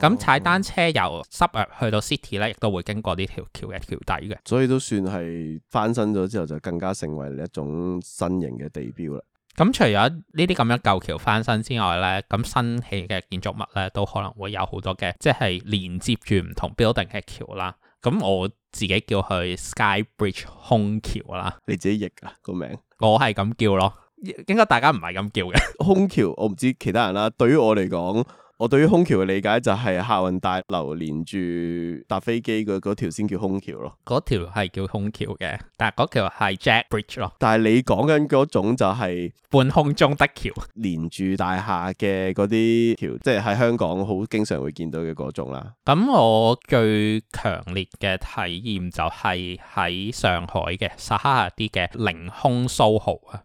咁踩、哦、單車由濕域、哦、由 去到 city 咧，亦都會經過呢條橋嘅橋底嘅。所以都算係翻新咗之後，就更加成為一種新型嘅地標啦，咁除咗呢啲咁樣舊橋翻新之外咧，咁新起嘅建築物咧都可能會有好多嘅，即係連接住唔同 building 嘅橋啦。咁我自己叫佢 Sky Bridge 空橋啦，你自己譯噶、啊、個名，我係咁叫咯，應該大家唔係咁叫嘅。空橋，我唔知其他人啦、啊，對於我嚟講。我對於空橋嘅理解，就係客運大樓連住搭飛機嗰嗰條先叫空橋咯，嗰條係叫空橋嘅，但係嗰條係 Jack Bridge 咯。但係你講緊嗰種就係半空中嘅橋，連住大廈嘅嗰啲橋，即係喺香港好經常會見到嘅嗰種啦。咁我最強烈嘅體驗就係喺上海嘅撒哈拉啲嘅凌空 SOHO 啊！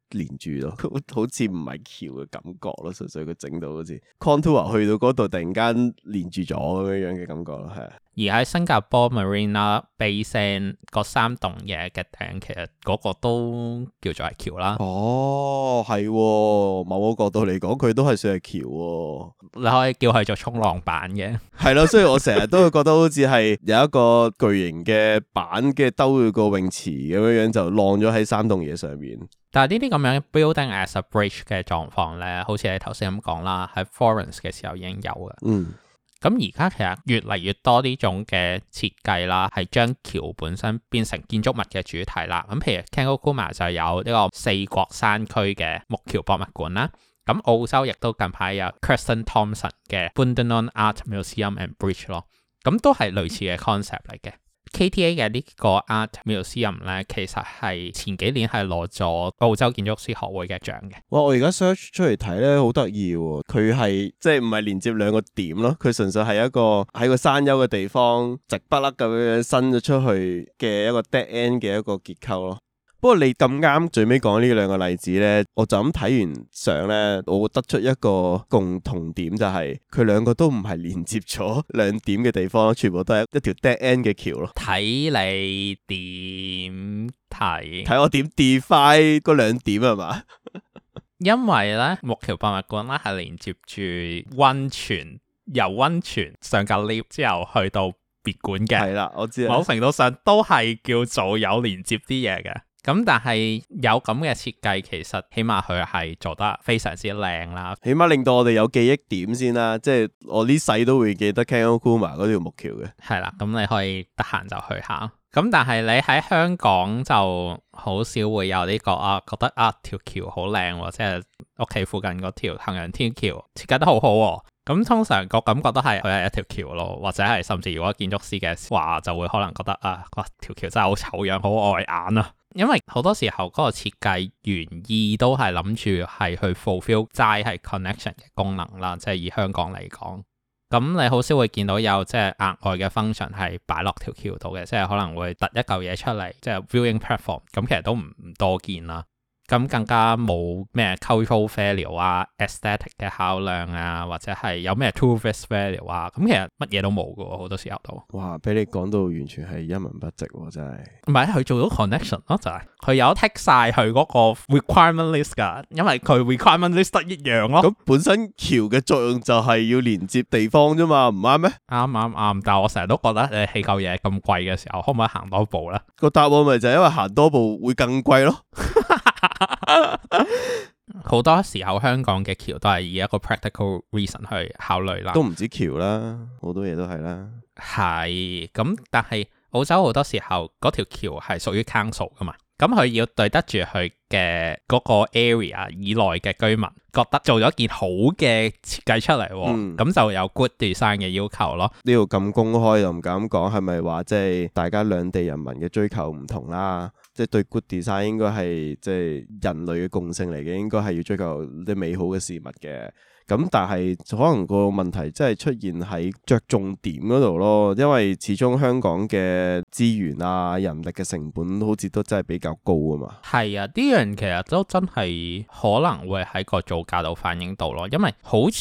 連住咯，好似唔係橋嘅感覺咯，純粹佢整到好似 contour 去到嗰度，突然間連住咗咁樣樣嘅感覺，係。而喺新加坡 Marina Bay Sands 嗰三棟嘢嘅頂，其實嗰個都叫做係橋啦。哦，係，某個角度嚟講，佢都係算係橋。你可以叫佢做衝浪板嘅。係咯，所以我成日都會覺得好似係有一個巨型嘅板嘅兜佢個泳池咁樣樣，就浪咗喺三棟嘢上面。但係呢啲咁樣 building as a bridge 嘅狀況咧，好似你頭先咁講啦，喺 Florence 嘅時候已經有嘅。嗯。咁而家其實越嚟越多呢種嘅設計啦，係將橋本身變成建築物嘅主題啦。咁譬如 Kengo Kuma 就有呢個四國山區嘅木橋博物館啦。咁澳洲亦都近排有 Kristen Thompson 嘅 Bundanon Art Museum and Bridge 咯。咁都係類似嘅 concept 嚟嘅。KTA 嘅呢個 art museum 咧，其實係前幾年係攞咗澳洲建築師學會嘅獎嘅。哇！我而家 search 出嚟睇咧，好得意喎。佢係即係唔係連接兩個點咯？佢純粹係一個喺個山丘嘅地方，直不甩咁樣伸咗出去嘅一個 dead end 嘅一個結構咯。不過你咁啱最尾講呢兩個例子呢，我就咁睇完相呢，我會得出一個共同點就係佢兩個都唔係連接咗兩點嘅地方，全部都係一條 dead end 嘅橋咯。睇你點睇？睇我點 define 嗰兩點係嘛？ [laughs] 因為呢，木橋博物館呢係連接住溫泉，由溫泉上架 lift 之後去到別館嘅。係啦，我知。某程度上都係叫做有連接啲嘢嘅。咁但係有咁嘅設計，其實起碼佢係做得非常之靚啦，起碼令到我哋有記憶點先啦。即係我呢世都會記得 Kengo Kuma 嗰條木橋嘅。係啦，咁你可以得閒就去下。咁但係你喺香港就好少會有呢個，啊，覺得啊條橋好靚、啊，即係屋企附近嗰條行人天橋設計得好好，啊。咁通常個感覺都係佢係一條橋咯，或者係甚至如果建築師嘅話，就會可能覺得啊，哇條橋真係好醜樣，好礙眼啊！因為好多時候嗰個設計原意都係諗住係去 fulfill 齋係 connection 嘅功能啦，即係以香港嚟講，咁你好少會見到有即係額外嘅 function 係擺落條橋度嘅，即係可能會突一嚿嘢出嚟，即係 viewing platform，咁其實都唔多見啦。咁更加冇咩 cultural value 啊，aesthetic 嘅考量啊，或者係有咩 tourist value 啊，咁其實乜嘢都冇噶喎，好多時候都。哇，俾你講到完全係一文不值，真係。唔係，佢做到 connection 咯，就是，就係佢有 take 晒佢嗰個 requirement list 噶，因為佢 requirement list 得一樣咯。咁本身橋嘅作用就係要連接地方啫嘛，唔啱咩？啱啱啱，但係我成日都覺得，誒，呢嚿嘢咁貴嘅時候，可唔可以行多一步咧？個答案咪就係因為行多步會更貴咯。 [laughs] 好 [laughs] 多時候香港嘅橋都係以一個 practical reason 去考慮啦，都唔止橋啦，好多嘢都係啦。係，咁但係澳洲好多時候嗰條橋係屬於 council 噶嘛，咁佢要對得住佢嘅嗰個 area 以內嘅居民，覺得做咗件好嘅設計出嚟，咁、嗯、就有 good design 嘅要求咯。呢度咁公開又唔敢講，係咪話即係大家兩地人民嘅追求唔同啦？即係對 good design 應該係即係人類嘅共性嚟嘅，應該係要追求啲美好嘅事物嘅。咁但係可能個問題真係出現喺着重點嗰度咯，因為始終香港嘅資源啊、人力嘅成本好似都真係比較高啊嘛。係啊，呢樣其實都真係可能會喺個造價度反映到咯，因為好似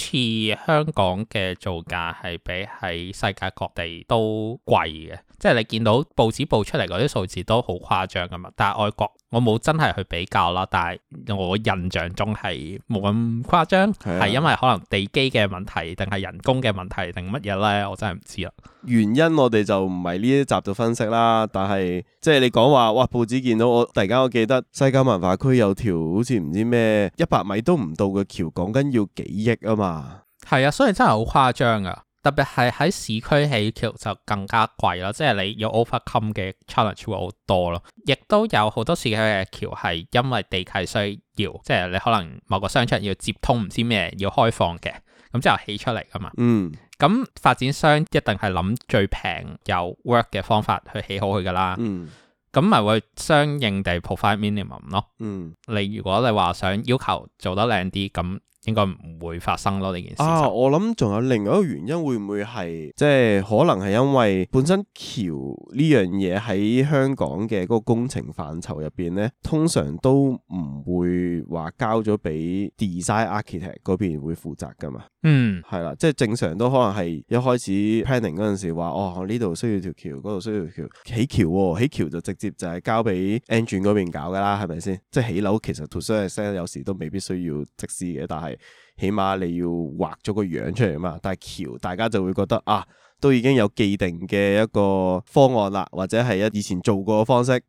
香港嘅造價係比喺世界各地都貴嘅，即係你見到報紙報出嚟嗰啲數字都好誇張噶嘛。但係外國我冇真係去比較啦，但係我印象中係冇咁誇張，係因為。可能地基嘅問題，定係人工嘅問題，定乜嘢呢？我真係唔知啦。原因我哋就唔係呢一集就分析啦，但係即係你講話，哇！報紙見到我，突然間我記得西九文化區有條好似唔知咩一百米都唔到嘅橋，講緊要幾億啊嘛。係啊，所以真係好誇張啊！特別係喺市區起橋就更加貴咯，即係你要 overcome 嘅 challenge 會好多咯。亦都有好多時佢嘅橋係因為地契需要，即係你可能某個商場要接通唔知咩要開放嘅，咁之後起出嚟噶嘛。嗯。咁發展商一定係諗最平有 work 嘅方法去起好佢噶啦。嗯。咁咪會相應地 provide minimum 咯。嗯。你如果你話想要求做得靚啲咁。應該唔會發生咯呢件事。啊，我諗仲有另外一個原因會會，會唔會係即係可能係因為本身橋呢樣嘢喺香港嘅嗰個工程範疇入邊咧，通常都唔會話交咗俾 design architect 嗰邊會負責噶嘛。嗯，係啦，即係正常都可能係一開始 planning 陣時話哦，我呢度需要條橋，嗰度需要條橋，起橋喎，哦，起橋就直接就係交俾 engine 嗰邊搞噶啦，係咪先？即係起樓其實 to design 有時都未必需要則師嘅，但係。起碼你要畫咗個樣出嚟啊嘛，但係橋大家就會覺得啊，都已經有既定嘅一個方案啦，或者係一以前做過嘅方式。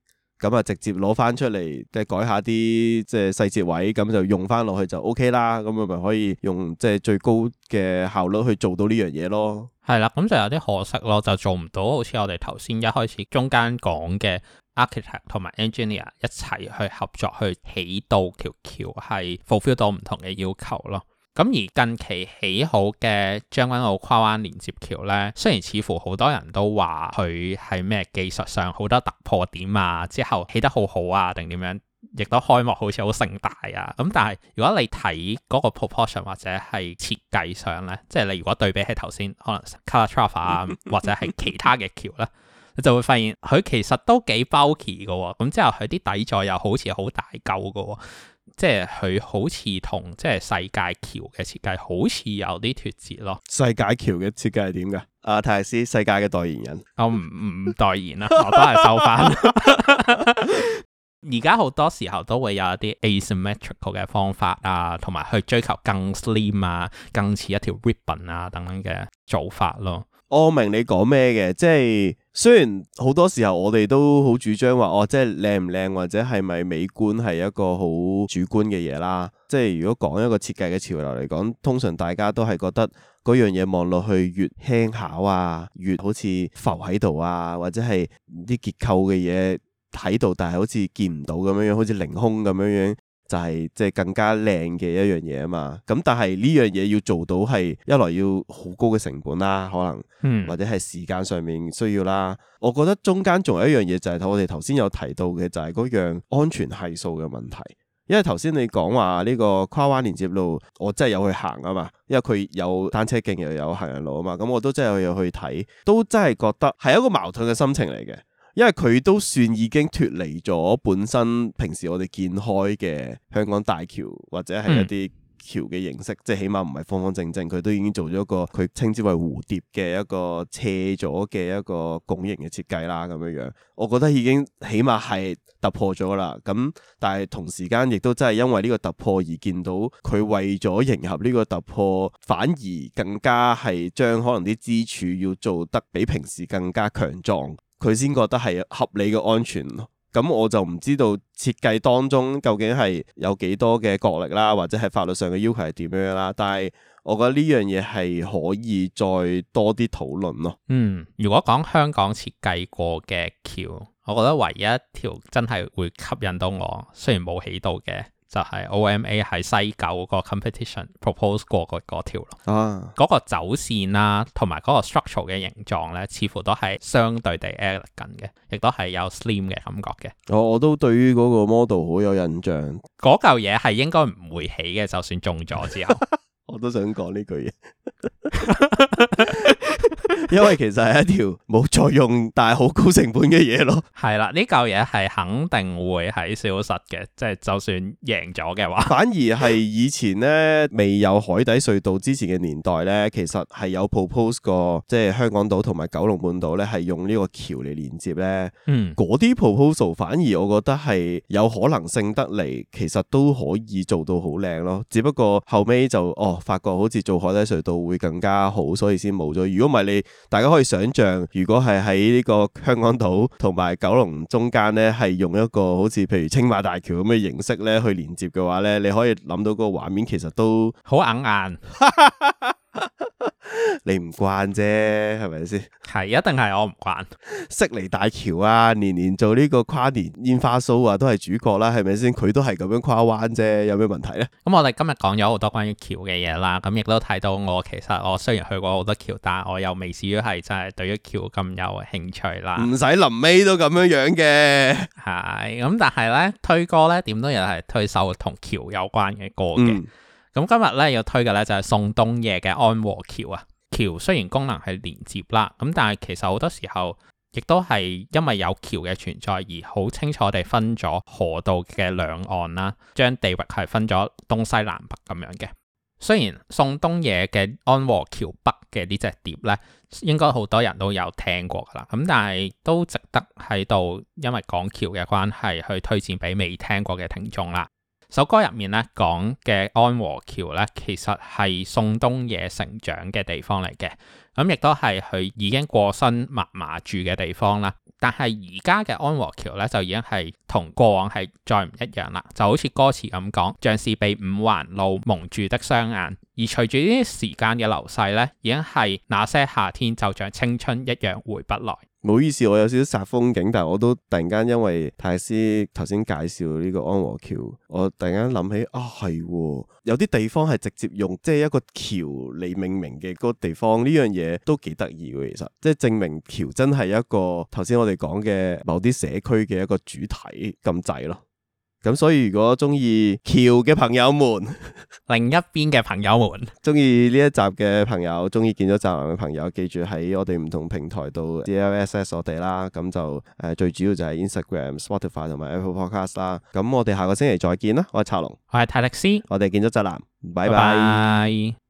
咁啊，就直接攞翻出嚟，即係改下啲即係細節位，咁就用翻落去就 O K 啦。咁咪咪可以用即係最高嘅效率去做到呢樣嘢咯。係啦，咁就有啲可惜咯，就做唔到好似我哋頭先一開始中間講嘅 architect 同埋 engineer 一齊去合作去起到條橋，係 fulfill 到唔同嘅要求咯。咁而近期起好嘅將軍澳跨灣連接橋呢，雖然似乎好多人都話佢係咩技術上好多突破點啊，之後起得好好啊，定點樣，亦都開幕好似好盛大啊。咁但係如果你睇嗰個 proportion 或者係設計上呢，即係你如果對比起頭先可能 Calatrava 啊或者係其他嘅橋呢， [laughs] 你就會發現佢其實都幾 bulky 噶、哦，咁之後佢啲底座又好似好大嚿噶、哦。即係佢好似同即係世界橋嘅設計好似有啲脫節咯。世界橋嘅設計係點噶？阿、啊、泰斯，世界嘅代言人，我唔唔代言啦， [laughs] 我都係收翻。而家好多時候都會有一啲 asymmetrical 嘅方法啊，同埋去追求更 slim 啊，更似一條 ribbon 啊等等嘅做法咯。我明你講咩嘅，即係雖然好多時候我哋都好主張話，哦，即係靚唔靚或者係咪美觀係一個好主觀嘅嘢啦。即係如果講一個設計嘅潮流嚟講，通常大家都係覺得嗰樣嘢望落去越輕巧啊，越好似浮喺度啊，或者係啲結構嘅嘢睇到，但係好似見唔到咁樣樣，好似凌空咁樣樣。就係即係更加靚嘅一樣嘢啊嘛，咁但係呢樣嘢要做到係一來要好高嘅成本啦，可能、嗯、或者係時間上面需要啦。我覺得中間仲有一樣嘢就係我哋頭先有提到嘅，就係嗰樣安全係數嘅問題。因為頭先你講話呢個跨灣連接路，我真係有去行啊嘛，因為佢有單車徑又有行人路啊嘛，咁我都真係有去睇，都真係覺得係一個矛盾嘅心情嚟嘅。因為佢都算已經脫離咗本身平時我哋見開嘅香港大橋或者係一啲橋嘅形式，嗯、即係起碼唔係方方正正，佢都已經做咗一個佢稱之為蝴蝶嘅一個斜咗嘅一個拱形嘅設計啦，咁樣樣，我覺得已經起碼係突破咗啦。咁但係同時間亦都真係因為呢個突破而見到佢為咗迎合呢個突破，反而更加係將可能啲支柱要做得比平時更加強壯。佢先覺得係合理嘅安全咯，咁我就唔知道設計當中究竟係有幾多嘅角力啦，或者係法律上嘅要求係點樣啦，但係我覺得呢樣嘢係可以再多啲討論咯。嗯，如果講香港設計過嘅橋，我覺得唯一一條真係會吸引到我，雖然冇起到嘅。就係 O M A 喺西九個 competition propose 過個嗰條路，嗰、啊、個走線啦、啊，同埋嗰個 structural 嘅形狀咧，似乎都係相對地 elegant 嘅，亦都係有 slim 嘅感覺嘅。我我都對於嗰個 model 好有印象，嗰嚿嘢係應該唔會起嘅，就算中咗之後。 [laughs] 我都想講呢句嘢， [laughs] 因為其實係一條冇作用但係好高成本嘅嘢咯、 [laughs] 啊。係啦，呢嚿嘢係肯定會喺消失嘅，即、就、係、是、就算贏咗嘅話。反而係以前呢未有海底隧道之前嘅年代呢，其實係有 propose 過，即係香港島同埋九龍半島呢係用呢個橋嚟連接呢。嗰啲 proposal 反而我覺得係有可能性得嚟，其實都可以做到好靚咯。只不過後尾就哦。發覺好似做海底隧道會更加好，所以先冇咗。如果唔係你，大家可以想象，如果係喺呢個香港島同埋九龍中間呢，係用一個好似譬如青馬大橋咁嘅形式呢去連接嘅話呢，你可以諗到個畫面其實都好硬硬。 [laughs] 你唔慣啫，係咪先？係一定係我唔慣。悉尼大橋啊，年年做呢個跨年煙花 show 啊，都係主角啦、啊，係咪先？佢都係咁樣跨彎啫，有咩問題呢？咁我哋今日講咗好多關於橋嘅嘢啦，咁亦都睇到我，其實我雖然去過好多橋，但係我又未至於係真係對於橋咁有興趣啦。唔使臨尾都咁樣樣嘅，係。咁但係呢，推歌呢點都又係推首同橋有關嘅歌嘅。咁、嗯、今日呢，要推嘅呢就係宋冬夜嘅《安和橋》啊。橋雖然功能係連接啦，咁但係其實好多時候亦都係因為有橋嘅存在而好清楚地分咗河道嘅兩岸啦，將地域係分咗東西南北咁樣嘅。雖然宋冬野嘅《安和橋北》嘅呢隻碟呢，應該好多人都有聽過㗎啦，咁但係都值得喺度，因為講橋嘅關係去推薦俾未聽過嘅聽眾啦。首歌入面咧講嘅安和橋咧，其實係宋冬野成長嘅地方嚟嘅，咁亦都係佢已經過身媽媽住嘅地方啦。但係而家嘅安和橋咧，就已經係同過往係再唔一樣啦。就好似歌詞咁講，像是被五環路蒙住的雙眼，而隨住呢啲時間嘅流逝咧，已經係那些夏天就像青春一樣回不來。唔好意思，我有少少煞風景，但係我都突然間因為太師頭先介紹呢個安和橋，我突然間諗起啊，係喎，有啲地方係直接用即係一個橋嚟命名嘅個地方，呢樣嘢都幾得意喎，其實即係證明橋真係一個頭先我哋講嘅某啲社區嘅一個主題咁滯咯。.咁所以如果中意橋嘅朋友們， [laughs] 另一邊嘅朋友們，中意呢一集嘅朋友，中意建築宅男嘅朋友，記住喺我哋唔同平台度 D L S S 我哋啦，咁就誒、呃、最主要就係 Instagram、Spotify 同埋 Apple Podcast 啦。咁我哋下個星期再見啦，我係查龍，我係泰勒斯，我哋建築宅男，拜拜。拜拜。